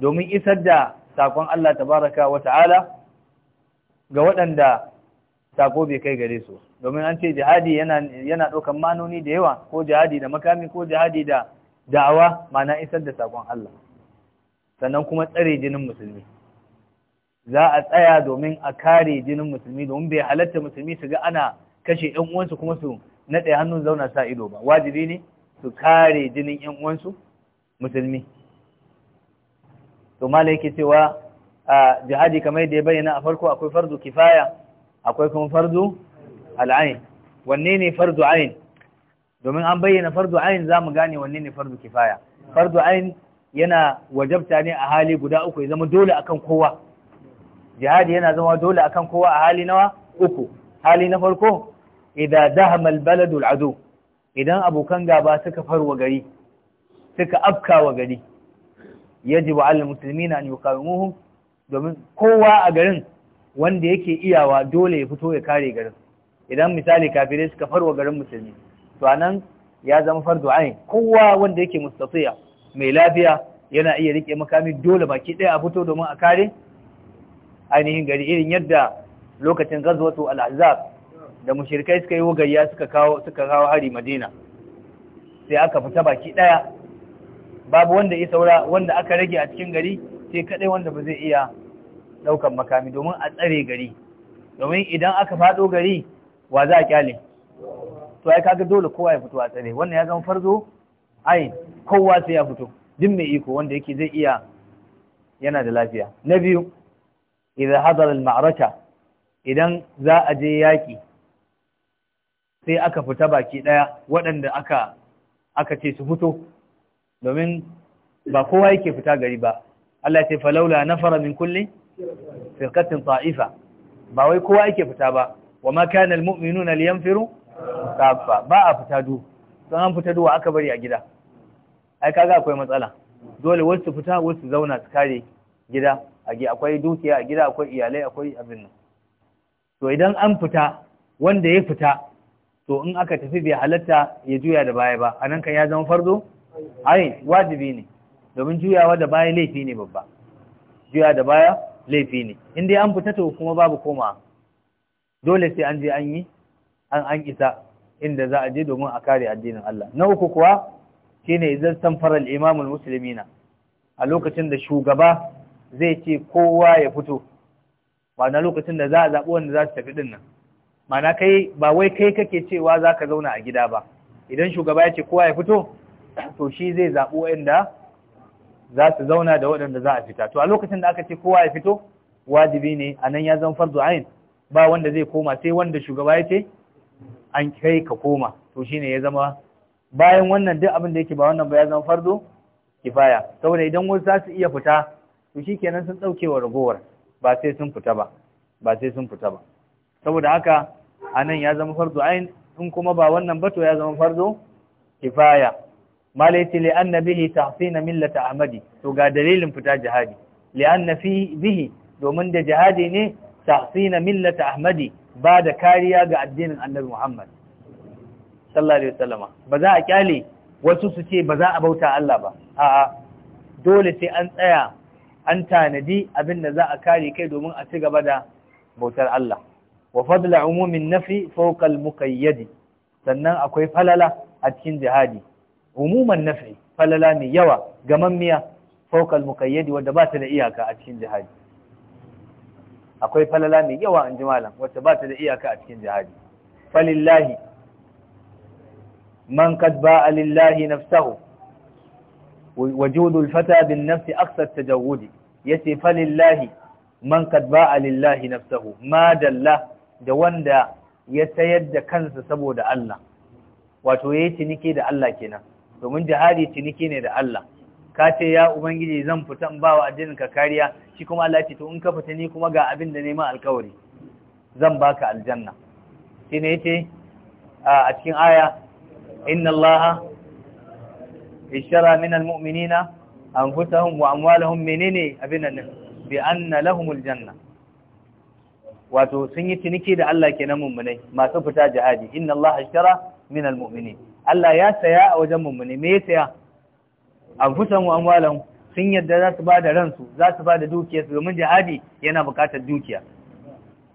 domin isar da sakon Allah tabaraka wa ta'ala ga waɗanda sako bai kai gare su domin an ce jihadi yana yana ɗaukan manoni da yawa ko jihadi da makami ko jihadi da da'awa mana isar da sakon Allah sannan kuma tsare jinin musulmi za a tsaya domin a kare jinin musulmi domin bai halatta musulmi su ga ana kashe ƴan uwansu kuma su naɗe hannun zauna sa ido ba wajibi ne su kare jinin ƴan uwansu musulmi to mala cewa a jihadi kamar yadda ya bayyana a farko akwai fardu kifaya akwai kuma fardu al'ain wanne ne fardu ain domin an bayyana fardu ain za mu gane wanne ne fardu kifaya fardu ain yana wajabta ne a hali guda uku ya zama dole akan kowa jihadi yana zama dole akan kowa a hali nawa uku hali na farko idan dahama albaladu al'adu idan abokan gaba suka farwa gari suka afkawa gari yajibu alal muslimina an yuqawimuhum domin kowa a garin wanda yake iyawa dole ya fito ya kare garin idan misali kafirai suka farwa garin musulmi to anan ya zama fardu ayin kowa wanda yake mustatiya mai lafiya yana iya rike makami dole baki ɗaya a fito domin a kare ainihin gari irin yadda lokacin ghazwatu al-ahzab da mushrikai suka yi wagayya suka kawo suka kawo hari madina sai aka fita baki ɗaya babu wanda ya saura wanda aka rage a cikin gari sai kadai wanda ba zai iya daukan makami domin a tsare gari domin idan aka fado gari wa za a kyale to ai kaga dole kowa ya fito a tsare wannan ya zama farzo ai kowa sai ya fito duk mai iko wanda yake zai iya yana da lafiya na biyu idan hadar al-ma'araka idan za a je yaki sai aka fita baki daya waɗanda aka aka ce su fito domin ba kowa yake fita gari ba Allah ce falaula nafara min kulli firqatin ta'ifa ba wai kowa yake fita ba wa ma kana almu'minuna liyanfiru kafa ba a fita du don an fita du wa aka bari a gida ai kaga akwai matsala dole wasu fita wasu zauna su kare gida akwai dukiya a gida akwai iyalai akwai abin nan to idan an fita wanda ya fita to in aka tafi bai halatta ya juya da baya ba anan kan ya zama farzo ayin wajibi ne domin juyawa da baya laifi ne babba juya da baya laifi ne in dai an fita to kuma babu koma dole sai an je an yi an an isa inda za a je domin a kare addinin Allah na uku kuwa shine idan sanfara al-imam muslimina a lokacin da shugaba zai ce kowa ya fito ba na lokacin da za a zaɓi wanda za su tafi ɗin nan mana kai ba wai kai kake cewa za ka zauna a gida ba idan shugaba ya ce kowa ya fito to shi zai zaɓi waɗanda za su zauna da waɗanda za a fita to a lokacin da aka ce kowa ya fito wajibi ne a nan ya zan fardu ayin ba wanda zai koma sai wanda shugaba ya ce an kai ka koma to shi ne ya zama bayan wannan duk abin da yake ba wannan ba ya zama fardu kifaya saboda idan wasu za su iya fita to kenan sun ɗaukewa ragowar ba sai sun fita ba ba sai sun fita ba saboda haka a nan ya zama fardu ayin in kuma ba wannan ba to ya zama fardu kifaya malaiti li anna bihi tahsina millata ahmadi to ga dalilin fita jihadi li anna bihi domin da jihadi ne tahsina millata ahmadi ba da kariya ga addinin annabi muhammad sallallahu alaihi wasallama ba za a kyale wasu su ce ba za a bauta Allah ba a'a dole sai an tsaya an tanadi abin da za a kare kai domin a ci gaba da bautar Allah wa fadla umumin nafi fawqa al-muqayyad sannan akwai falala a cikin jihadi umuman nafi falala mai yawa ga gamammiya fawqal mukayyadi wadda ba ta da iyaka a cikin jihadi akwai falala mai yawa an ji malam wacce ba ta da iyaka a cikin jihadi falillahi man qad ba'a lillahi nafsahu wajudul fata bin nafsi aqsa tajawudi ce falillahi man ba ba'a lillahi nafsahu ma dalla da wanda ya sayar da kansa saboda Allah wato yayi ciniki da Allah kenan domin jihadi ciniki ne da Allah ka ce ya ubangiji zan fita in bawa addinin ka kariya shi kuma Allah ce to in ka fita ni kuma ga abin da neman alkawari zan baka aljanna shine yace a cikin aya inna Allah ishara min almu'minina anfusahum wa amwalahum menene abin nan bi anna lahumul janna wato sun yi ciniki da Allah kenan mummunai masu fita jihadi inna Allah ishara min almu'minin Allah ya saya a wajen mummune me ya saya anfusan wa amwalan sun yadda za su ba da ransu za su ba da dukiyarsu domin jihadi yana bukatar dukiya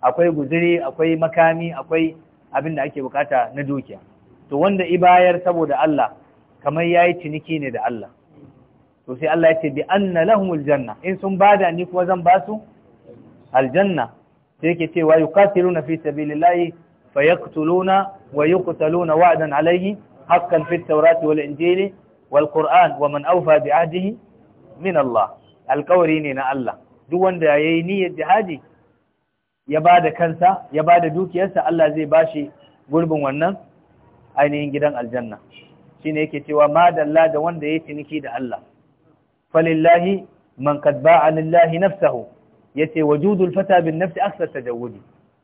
akwai guzuri akwai makami akwai abin da ake bukata na dukiya to wanda ibayar saboda Allah kamar yayi ciniki ne da Allah to sai Allah ya ce bi anna lahumul janna in sun bada ni kuma zan ba su aljanna sai yake cewa yuqatiluna fi sabilillahi fayaqtuluna wa yuqtaluna wa'dan alayhi Hakkan حقا في التوراة والإنجيل والقرآن ومن أوفى بعهده من الله alkawari ne na Allah duk wanda ya yi niyyar jihadi ya ba da kansa ya ba da dukiyarsa Allah zai bashi gurbin wannan ainihin gidan aljanna shi ne yake cewa ma dalla da wanda ya yi ciniki da Allah falillahi man kad ba'a lillahi nafsahu yace wujudul fata bin nafsi aksar tajawudi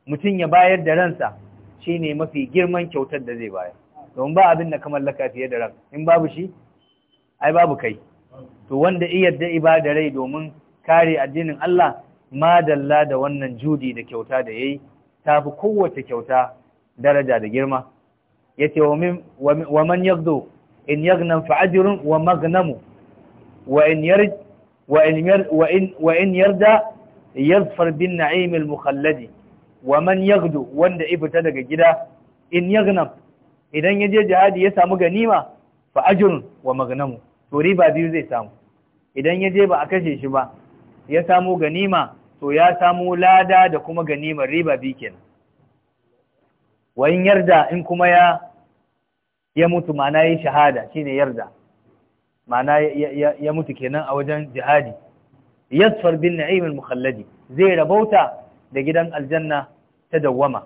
mutum ya bayar da ransa shine mafi girman kyautar da zai bayar don ba abin da ka mallaka fiye da ran in babu shi ai babu kai to wanda iya da ibada rai domin kare addinin Allah madalla da wannan judi da kyauta da yayi tafi kowace kyauta daraja da girma yace wa min wa man yaghdu in yaghna fa ajrun wa maghnamu wa in yarj wa in wa in wa in yarda yazfar bin na'im al mukhalladi wa man yaghdu wanda ifita daga gida in yaghna idan ya je jihadi ya samu ganima fa ajrun wa magnamu to riba biyu zai samu idan ya je ba a kashe shi ba ya samu ganima to ya samu lada da kuma ganimar riba biyu kenan wa yarda in kuma ya ya mutu ma'ana ya shahada shine yarda ma'ana ya mutu kenan a wajen jihadi yasfar bin na'im al-mukhalladi zai rabauta da gidan aljanna ta dawwama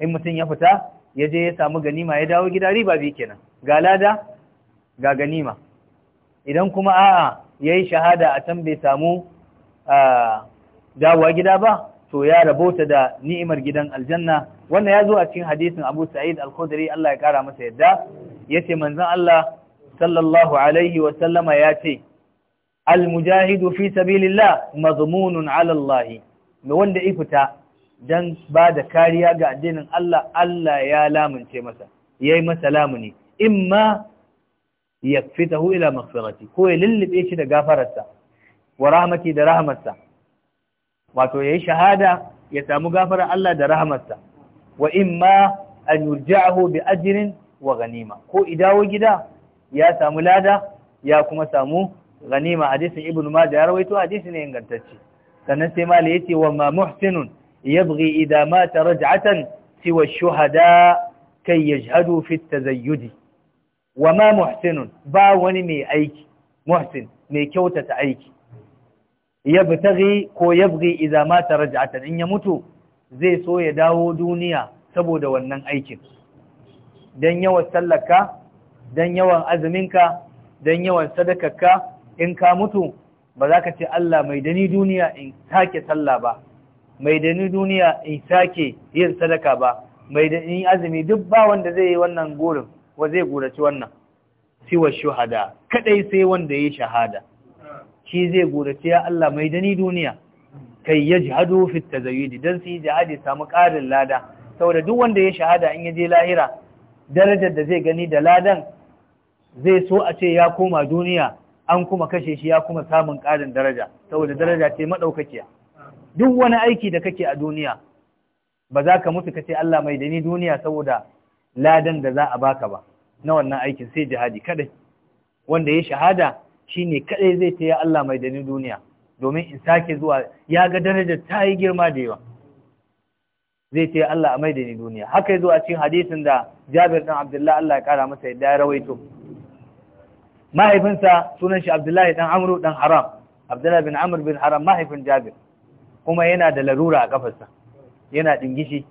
in mutum ya fita ya je ya samu ganima ya dawo gida riba bi kenan ga lada ga ganima idan kuma a'a yayi shahada a can bai samu dawowa gida ba to ya rabota da ni'imar gidan aljanna wannan ya zo a cikin hadisin Abu Sa'id Al-Khudri Allah ya kara masa yadda ya ce manzon Allah sallallahu alaihi wa sallama yace al-mujahidu fi sabilillah mazmunun ala Allah wanda ifita don ba da kariya ga addinin Allah Allah ya lamunce masa yayi masa lamuni imma yakfitahu ila maghfirati ko ya lullube shi da gafararsa wa rahmati da rahamarsa, wato ya yi shahada ya samu gafarar Allah da rahmarsa wa in a an yurja'ahu bi ajrin wa ganima ko idawo gida ya samu lada ya kuma samu ganima hadisin ibnu da ya rawaito jisun ya ingantacce sannan sai mali ce, wa ma muhsinun يبغي إذا مات رجعة سوى الشهداء كي يجهدوا في التزيد وما محسن باوني مي أيك mai مي كوتة أيك يبتغي كو يبغي إذا مات in ya mutu, zai so ya dawo duniya saboda wannan aikin don yawan sallarka don yawan azuminka don yawan ka, in ka mutu ba za ka ce Allah mai dani duniya in take sallah ba mai da ni duniya in sake yin sadaka ba mai da ni azumi duk ba wanda zai yi wannan gurin wa zai gurace wannan siwa shuhada kadai sai wanda yi shahada shi zai gurace ya Allah mai da ni duniya kai yajhadu fi tazayyid dan sai jihadi samu ƙarin lada saboda duk wanda ya shahada in ya je lahira darajar da zai gani da ladan zai so a ce ya koma duniya an kuma kashe shi ya kuma samun ƙarin daraja saboda daraja ce madaukakiya duk wani aiki da kake a duniya ba za ka mutu ce Allah mai da ni duniya saboda ladan da za a baka ba na wannan aikin sai jihadi kadai wanda ya shahada shi ne kadai zai taya Allah mai da ni duniya domin in sake zuwa ya ga darajar ta yi girma da yawa zai taya Allah mai da ni duniya haka ya zuwa a cikin hadisin da Jabir dan Abdullah Allah ya kara masa yadda ya rawaito mahaifinsa sunan shi Abdullahi dan Amru dan Haram Abdullahi bin Amr bin Haram mahaifin Jabir kuma yana da larura a kafarsa yana dingishi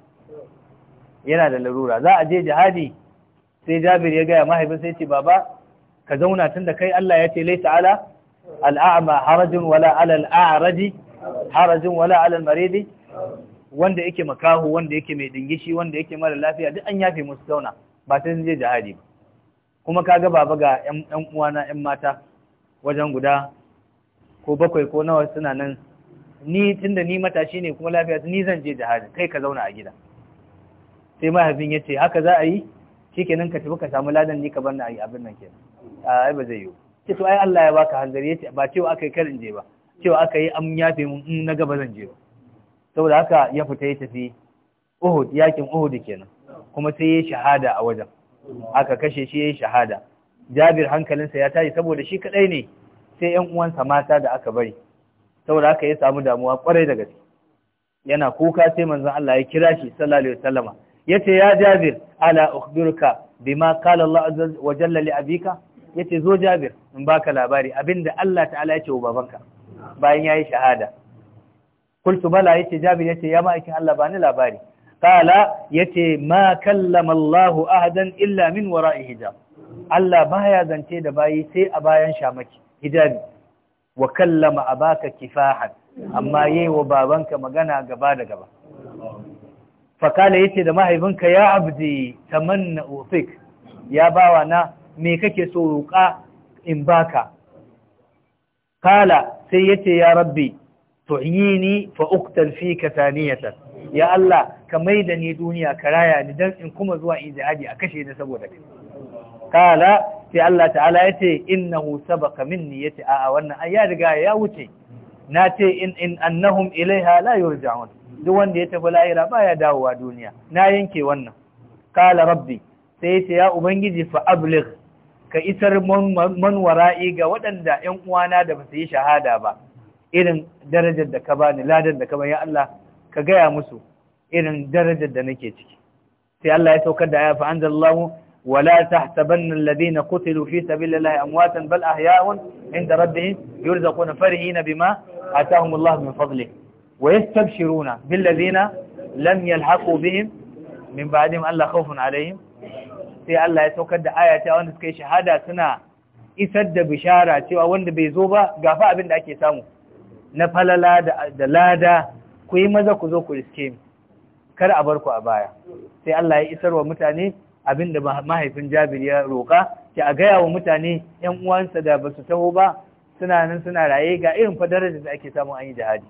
yana da larura za a je jihadi sai Jabir ya gaya mahaifin sai ce baba ka zauna tun da kai Allah ya ce laita ta'ala al'a'ama harajin wala alal al'araji harajin wala alal maridi wanda yake makahu wanda yake mai dingishi wanda yake mara lafiya duk an yafe musu zauna ba sai sun je jihadi ba kuma ka ga baba ga ƴan uwana ƴan mata wajen guda ko bakwai ko nawa suna nan ni tunda ni matashi ne kuma lafiya ni zan je jihadi kai ka zauna a gida sai mahaifin ya ce haka za a yi shikenan ka tafi ka samu ladan ni ka bar na a yi abin nan kenan ai ba zai yi ce to ai Allah ya baka hanzari yace ba cewa aka yi kar in je ba cewa aka yi an yafe mun in na gaba zan je ba saboda haka ya fita ya tafi Uhud yakin Uhud kenan kuma sai ya shahada a wajen aka kashe shi ya shahada Jabir hankalinsa ya tashi saboda shi kadai ne sai ƴan uwansa mata da aka bari saboda haka ya samu damuwa kwarai da gaske yana kuka sai manzon Allah ya kira shi sallallahu alaihi wasallama yace ya Jabir ala ukhbiruka bima qala Allah azza wa jalla li abika yace zo Jabir in baka labari abinda Allah ta'ala ce wa babanka bayan yayi shahada kultu bala yace Jabir yace ya ma'aikin Allah ni labari qala yace ma kallama Allah ahadan illa min wara'i hijab Allah baya zance da bayi sai a bayan shamaki hijabi wa kallama baka kifahan amma yi wa babanka magana gaba da gaba fakala yace da mahaifinka ya abdi manna ufik ya bawa na me kake so roƙa in baka kala sai yace ya rabbi tu'yini fa uqtal fika thaniyatan ya Allah ka maida ni duniya ka raya ni dan in kuma zuwa in jihadi a kashe ni saboda kai kala sai Allah ta'ala ya ce innahu sabaka minni yace a wannan an ya riga ya wuce na ce in annahum ilaiha la yurja'un duk wanda ya tafi lahira baya dawowa duniya na yanke wannan Kala rabbi sai ya ce ya ubangiji fa abligh ka isar manwarai ga waɗanda 'yan uwana da ba su yi shahada ba irin darajar da ka bani ladan da ka bani ya Allah ka gaya musu irin darajar da nake ciki sai Allah ya saukar da ya fa anzalallahu ولا تحسبن الذين قتلوا في سبيل الله امواتا بل احياء عند ربهم يرزقون فرحين بما اتاهم الله من فضله ويستبشرون بالذين لم يلحقوا بهم من بعدهم الا خوف عليهم sai Allah ya saukar da ayata wanda suka yi shahada suna isar da bishara cewa wanda bai zo ba gafa abin da ake samu na falala da lada ku yi maza ku zo ku riske kar a bar ku a baya sai Allah ya isar wa mutane abin da mahaifin jabir ya roƙa ki a gaya wa mutane yan uwansa da basu taho ba suna nan suna raye ga irin darajar da ake samu an yi jihadi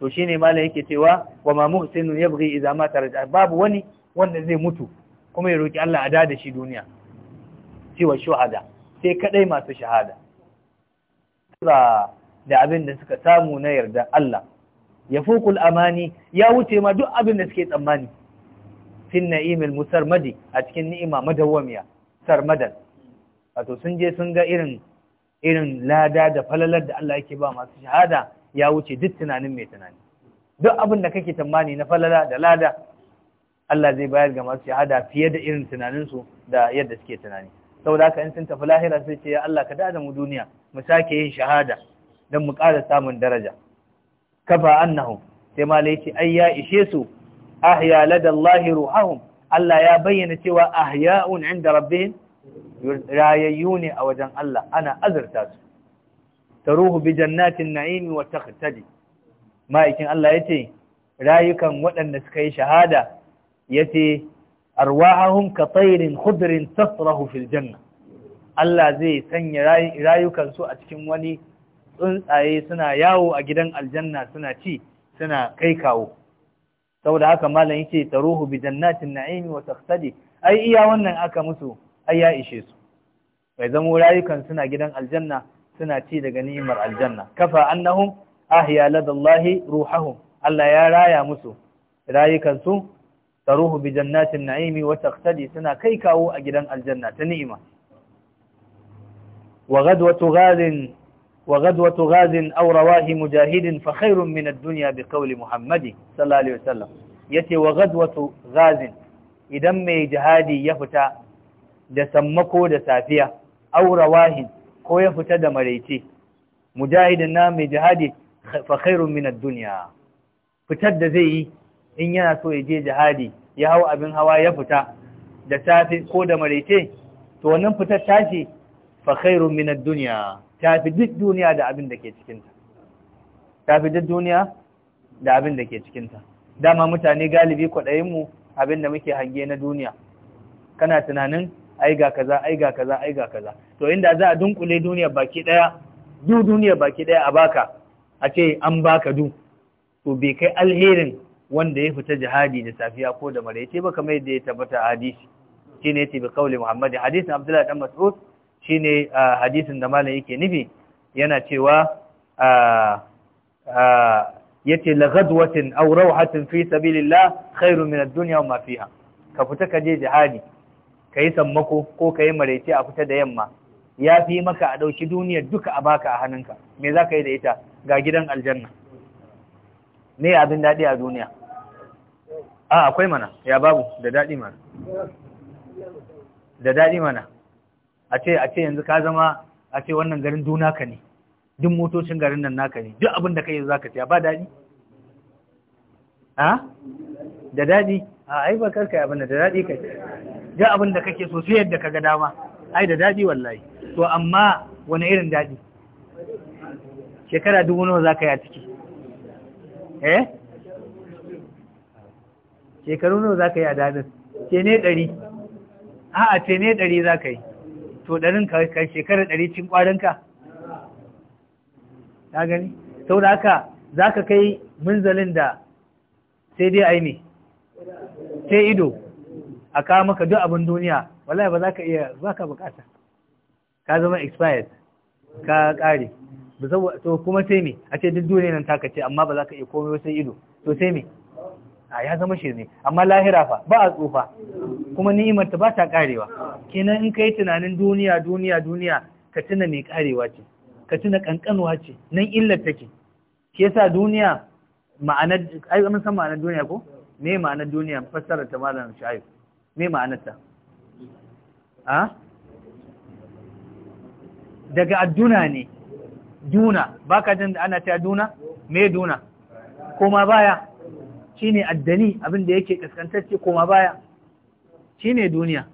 to shine malam yake cewa wa ma muhsinun yabghi idza ma taraja babu wani wanda zai mutu kuma ya roki Allah a da shi duniya cewa shuhada sai kadai masu shahada da abin da suka samu na yarda Allah ya fuqul amani ya wuce ma duk abin da suke tsammani fin musar musarmadi a cikin ni'ima madawwamiya sarmadan wato sun je sun ga irin irin lada da falalar da Allah yake ba masu shahada ya wuce duk tunanin mai tunani duk abin da kake tambani na falala da lada Allah zai bayar ga masu shahada fiye da irin tunaninsu da yadda suke tunani saboda haka in sun tafi lahira sai ce ya Allah ka dada mu duniya mu sake yin shahada dan mu ƙara samun daraja kafa annahu sai ma lai ai ya ishe su ahya ladallahi ruhahum Allah ya bayyana cewa ahya'un inda rabbihim rayayyu ne a wajen Allah ana azurta su Ta ruhu bi jannatin na'imi wa taqtadi ma'aikin Allah yace rayukan waɗanda suka yi shahada yace arwahahum ka tayrin khudrin tasrahu fil janna Allah zai sanya rayukan su a cikin wani tsuntsaye suna yawo a gidan aljanna suna ci suna kai kawo saboda haka malam yace taruhu bi jannatin na'imi wa taqtadi ai iya wannan aka musu ai ya ishe su bai zamo rayukan suna gidan aljanna suna ci daga ni'imar aljanna kafa annahum ahya ladallahi ruhahum Allah ya raya musu rayukan su taruhu bi jannatin na'imi wa taqtadi suna kai kawo a gidan aljanna ta ni'ima wa ghadwatu ghadin وغدوة غاز أو رواه مجاهد فخير من الدنيا بقول محمد صلى الله عليه وسلم يتي وغدوة غاز idan mai jihadi ya fita da sammako da safiya ko ya da maraice na mai jihadi fa khairun min ad fitar da zai yi in yana so ya je jihadi ya hau abin hawa ya fita da safi ko da maraice to wannan fitar tashi fa khairun min ad ta fi duk duniya da abin da ke cikinta ta fi duk duniya da abin da ke cikinta dama mutane galibi kwaɗayinmu abin da muke hange na duniya kana tunanin ai ga kaza ai ga kaza ai ga kaza to inda za a dunkule duniya baki ɗaya du duniya baki ɗaya a baka a ce an baka du to bai kai alherin wanda ya fita jihadi da safiya ko da maraice ba kamar yadda ya tabbata a hadisi shine ce bi kauli Muhammad hadisin Abdullahi dan Mas'ud shine hadisin da malam yake nufi yana cewa yace la ghadwatin aw hatin fi sabilillah khairun min ad ma fiha ka fita ka je jihadi yi sammako ko yi maraice a fita da yamma ya fi maka a ɗauki duniyar duka a baka a hannunka me za ka yi da ita ga gidan aljanna me abin daɗi a duniya a akwai mana ya babu da daɗi mana da daɗi mana a ce a ce yanzu ka zama a ce wannan garin duna ka ne duk motocin garin nan naka ne duk abin da kai za ka siya ba daɗi ha da daɗi a ai ba karka abin da daɗi kai duk abin da kake so sai yadda ka ga dama ai da daɗi wallahi to amma wani irin daɗi shekara dubu nawa za ka yi a ciki eh shekaru nawa za ka yi a daɗin ce ne ɗari a'a ce ne ɗari za ka yi to ɗarin ka shekara ɗari cin ƙwarinka ta gani sau da haka za ka kai munzalin da sai dai aini sai ido a kawo maka duk abin duniya wallahi ba za ka iya za ka bukata ka zama expired ka ƙare to kuma sai me a ce duk duniya nan ta kace amma ba za ka iya komai sai ido to sai me a ya zama shirme amma lahira fa ba a tsufa kuma ni'imar ta ba ta karewa kenan in kai tunanin duniya duniya duniya ka tuna mai karewa ce ka tuna kankanuwa ce nan illar take shi yasa duniya ma'anar ai mun san ma'anar duniya ko me ma'anar duniya fassara ta malam shayu me ma'anar ta a daga adduna ne duna baka jin ana ta duna me duna koma baya shine addani abinda yake kaskantacce koma baya Shi ne duniya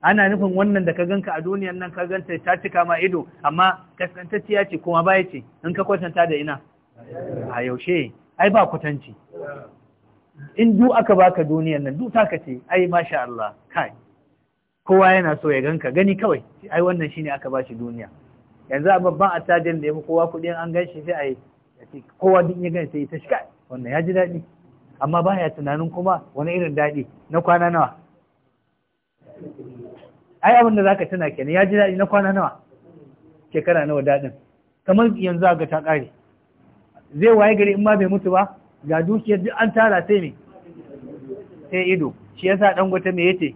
ana nufin wannan da ka ganka a duniyan nan ka ganta ta cika ma ido amma kaskantacciya ce koma baya ce in ka kwatanta da ina a yaushe ai ba kwatanci in du aka baka duniyan nan du taka ce ai masha Allah kai kowa yana so ya ganka gani kawai ai wannan shine aka bashi duniya yanzu a babban attajirin da ya fi kowa kuɗi an gan shi sai a yi kowa duk ya gan sai ta kai wannan ya ji daɗi amma ba ya tunanin kuma wani irin daɗi na kwana nawa ai abin za ka tuna kenan ya ji daɗi na kwana nawa shekara nawa daɗin kamar yanzu ga ta ƙare zai waye gari in ma bai mutu ba ga dukiyar duk an tara sai ne sai ido shi yasa gwata me yace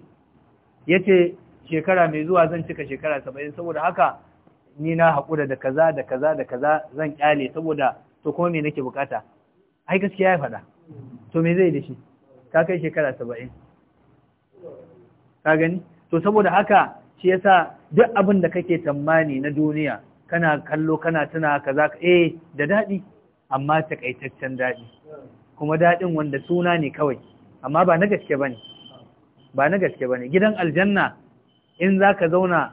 yace shekara mai zuwa zan cika shekara saba'in saboda haka ni na haƙura da kaza da kaza da kaza zan kyale saboda to kuma me nake bukata ai gaskiya ya faɗa to me zai da shi ka kai shekara saba'in ka gani to saboda haka shi ya sa duk abin da kake tsammani na duniya kana kallo kana tuna kaza eh da daɗi amma takaitaccen daɗi kuma daɗin wanda suna ne kawai amma ba na gaske ba ne ba na gaske ba ne gidan aljanna in za ka zauna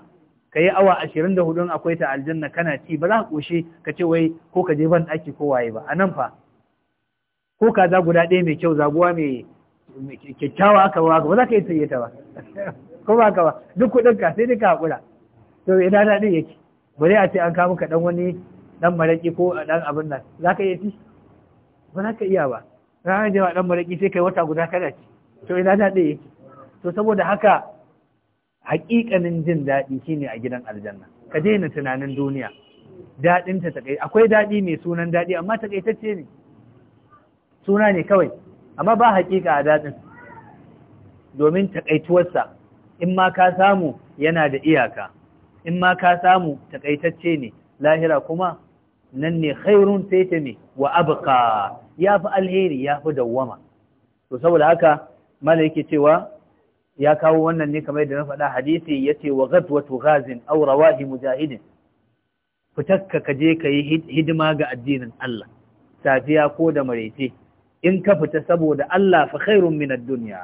ka yi awa ashirin da hudun akwai ta aljanna kana ci ba za ka ƙoshe ka ce wai ko ka je ban ɗaki ko waye ba a nan fa ko kaza guda ɗaya mai kyau zaguwa mai kyakkyawa aka ba ba za ka yi saye ba ko ba ka ba duk kuɗin ka sai duka haƙura to ina ɗin yake bare a ce an kawo ka ɗan wani ɗan maraƙi ko ɗan abin nan za ka iya ci ba za ka iya ba ranar da ɗan maraƙi sai kai wata guda kana ci to ina ɗin yake to saboda haka hakikanin jin daɗi shine a gidan aljanna ka daina tunanin duniya daɗinta ta akwai daɗi mai sunan daɗi amma takaitacce ne suna ne kawai amma ba haƙiƙa a daɗin domin taƙaituwarsa in ma ka samu yana da iyaka in ma ka samu taƙaitacce ne lahira kuma nan ne khairun ta ne wa abuka ya fi alheri ya fi dawwama to saboda haka yake cewa ya kawo wannan ne kamar da na faɗa hadisi ya ce wa ghazwatu ghazin aw rawahi mujahidin fitakka ka je ka yi hidima ga addinin Allah safiya ko da maraice in ka fita saboda Allah fa khairun min ad-dunya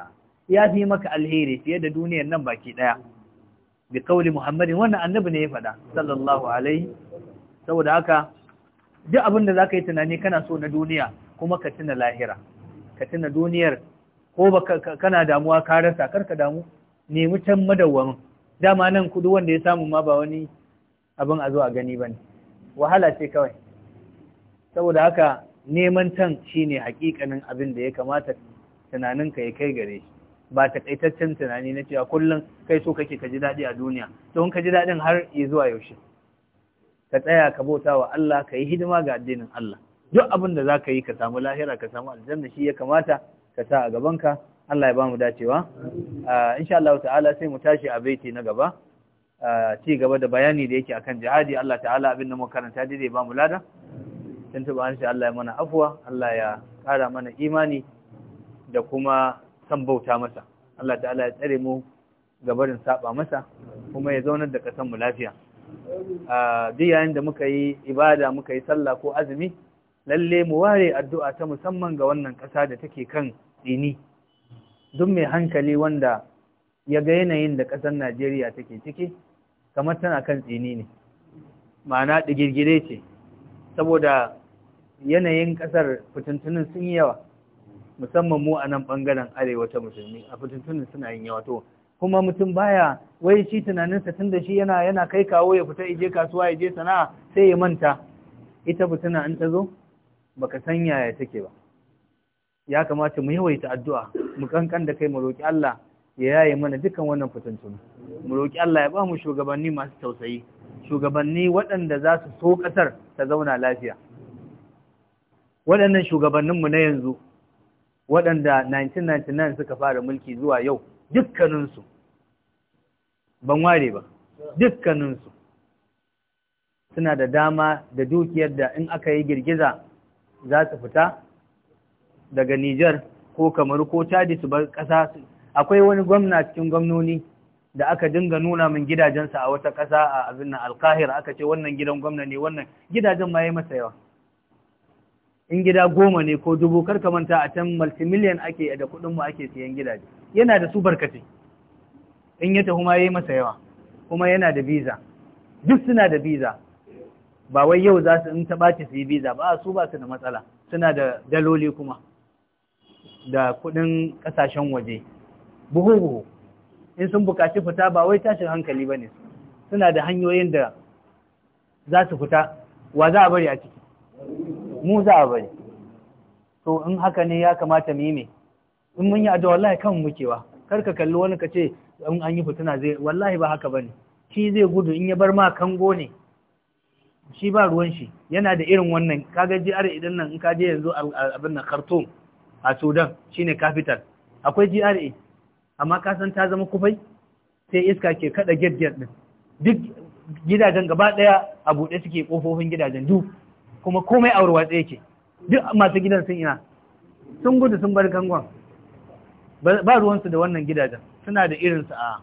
ya fi maka alheri fiye da duniyar nan baki daya bi kauli muhammadin wannan annabi ne ya fada sallallahu alaihi saboda haka duk abin da zaka yi tunani kana so na duniya kuma ka tuna lahira ka tuna duniyar ko baka kana damuwa ka rasa karka damu nemi can madawwamin dama nan kudu wanda ya samu ma ba wani abin a zo a gani bane wahala ce kawai saboda haka neman shi ne hakikanin abin da ya kamata tunaninka ya kai gare shi ba takaitaccen tunani na cewa kullum kai so kake ka ji daɗi a duniya don ka ji daɗin har ya zuwa yaushe ka tsaya ka bauta wa Allah ka yi hidima ga addinin Allah duk abin da za ka yi ka samu lahira ka samu aljanna shi ya kamata ka sa a gabanka Allah ya ba mu dacewa insha Allah ta'ala sai mu tashi a baiti na gaba ci gaba da bayani da yake akan jihadi Allah ta'ala abin da mu karanta dai ba mu lada tun tuba shi Allah ya mana afuwa Allah ya ƙara mana imani da kuma san bauta masa Allah ta'ala ya tsare mu gabarin saba masa kuma ya zaunar da ƙasar mu lafiya duk yayin da muka yi ibada muka yi sallah ko azumi lalle mu ware addu'a ta musamman ga wannan ƙasa da take kan dini duk mai hankali wanda ya ga yanayin da ƙasar Najeriya take ciki kamar tana kan tsini ne ma'ana digirgire ce saboda yanayin ƙasar fitintunin sun yi yawa musamman mu a nan ɓangaren arewa ta musulmi a fitintunin suna yin yawa to kuma mutum baya wai shi tunaninsa tun da shi yana yana kai kawo ya fita ije kasuwa ya je sana'a sai ya manta ita fitina in ta zo baka san yaya take ba ya kamata mu yawaita addu'a mu kankan da kai mu roki Allah ya yaye mana dukkan wannan fitintunu mu roki Allah ya ba mu shugabanni masu tausayi shugabanni waɗanda za su so ƙasar ta zauna lafiya waɗannan shugabanninmu na yanzu waɗanda 1999 suka fara mulki zuwa yau dukkaninsu ban ware ba dukkaninsu suna da dama da dukiyar da in aka yi girgiza za su fita daga Nijar ko kamar ko cadi su bar ƙasa akwai wani gwamna cikin gwamnoni da aka dinga nuna min gidajensa a wata ƙasa a abin nan alkahir aka ce wannan gidan gwamna ne wannan gidajen ma ya masa yawa in gida goma ne ko dubu kar ka manta a can multimillion ake da kuɗin mu ake siyan gidaje yana da su barkace. in ya tafi ma yayi masa yawa kuma yana da visa duk suna da visa ba wai yau za su in ta ɓaci su yi visa ba su ba su da matsala suna da daloli kuma da kuɗin kasashen waje buhu-buhu in sun buƙaci fita ba wai tashin hankali ba ne suna da hanyoyin da za su fita wa za a bari a ciki mu za a bari to in haka ne ya kamata mu yi in mun yi addu'a wallahi kan mukewa kar ka kalli wani ka ce in an yi fituna zai wallahi ba haka bane shi zai gudu in ya bar ma kango ne shi ba ruwan shi yana da irin wannan kaga GR idan nan in ka je yanzu abin nan Khartoum a Sudan shine capital akwai GRA eh. amma ka san ta zama kufai sai iska ke kada gedged din duk gidajen gaba daya a buɗe suke kofofin gidajen duk kuma komai a warwatse yake duk masu gidan sun ina sun gudu sun bar kangon ba ruwansu da wannan gidajen suna da irinsu a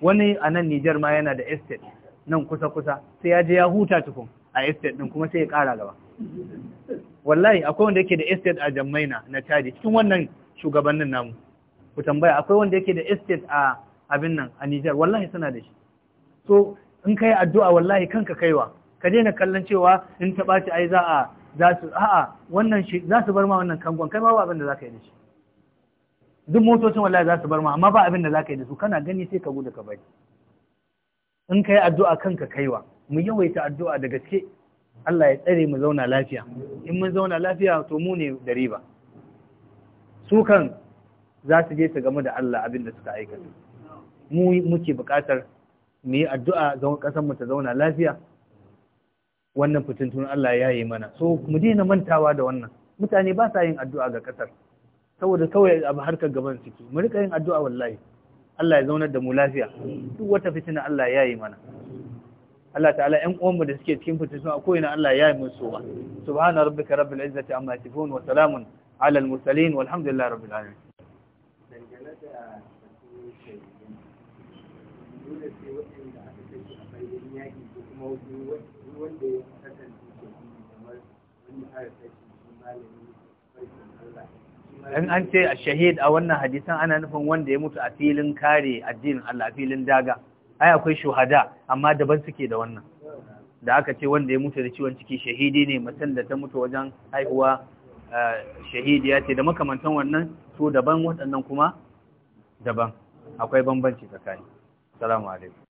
wani a nan Nijar ma yana da estate nan kusa-kusa sai ya je ya huta tukun a estate ɗin kuma sai ya kara gaba wallahi akwai wanda yake da estate a jammaina na caji cikin wannan shugabannin namu ku tambaya akwai wanda yake da estate a abin nan a Nijar wallahi suna da shi so in kai addu'a wallahi kanka kaiwa ka daina kallon cewa in ta ci ai za a za a'a wannan shi za su bar ma wannan kangon kai ma ba abin da za ka yi da shi duk motocin wallahi za su bar ma amma ba abin da za ka yi da su kana gani sai ka gudu ka bari in ka yi addu'a kanka kaiwa mu yawaita addu'a da gaske Allah ya tsare mu zauna lafiya in mun zauna lafiya to mu ne da riba su kan za su je su gamu da Allah abin da suka aikata mu muke buƙatar mu yi addu'a ga ƙasar mu ta zauna lafiya wannan fitintun Allah ya yi mana so mu daina mantawa da wannan mutane ba sa yin addu'a ga kasar saboda kawai abu harkar gaban suke mu rika yin addu'a wallahi Allah ya zaunar da mu lafiya duk wata fitina Allah ya yi mana Allah ta'ala ƴan uwanmu da suke cikin fitintun a koyina Allah ya yi musu ba subhana rabbika rabbil izzati amma yasifun wa salamun ala al mursalin walhamdulillahi rabbil alamin dole sai waɗanda aka kashe a bayan ko kuma wasu wanda ya kasance shahidi kamar wani shi malami Allah in an ce a shahid a wannan hadisan ana nufin wanda ya mutu a filin kare addinin Allah a filin daga ai akwai shuhada amma daban suke da wannan da aka ce wanda ya mutu da ciwon ciki shahidi ne mutum da ta mutu wajen haihuwa shahidi ya ce da makamantan wannan to daban waɗannan kuma daban akwai bambanci tsakani salamu alaikum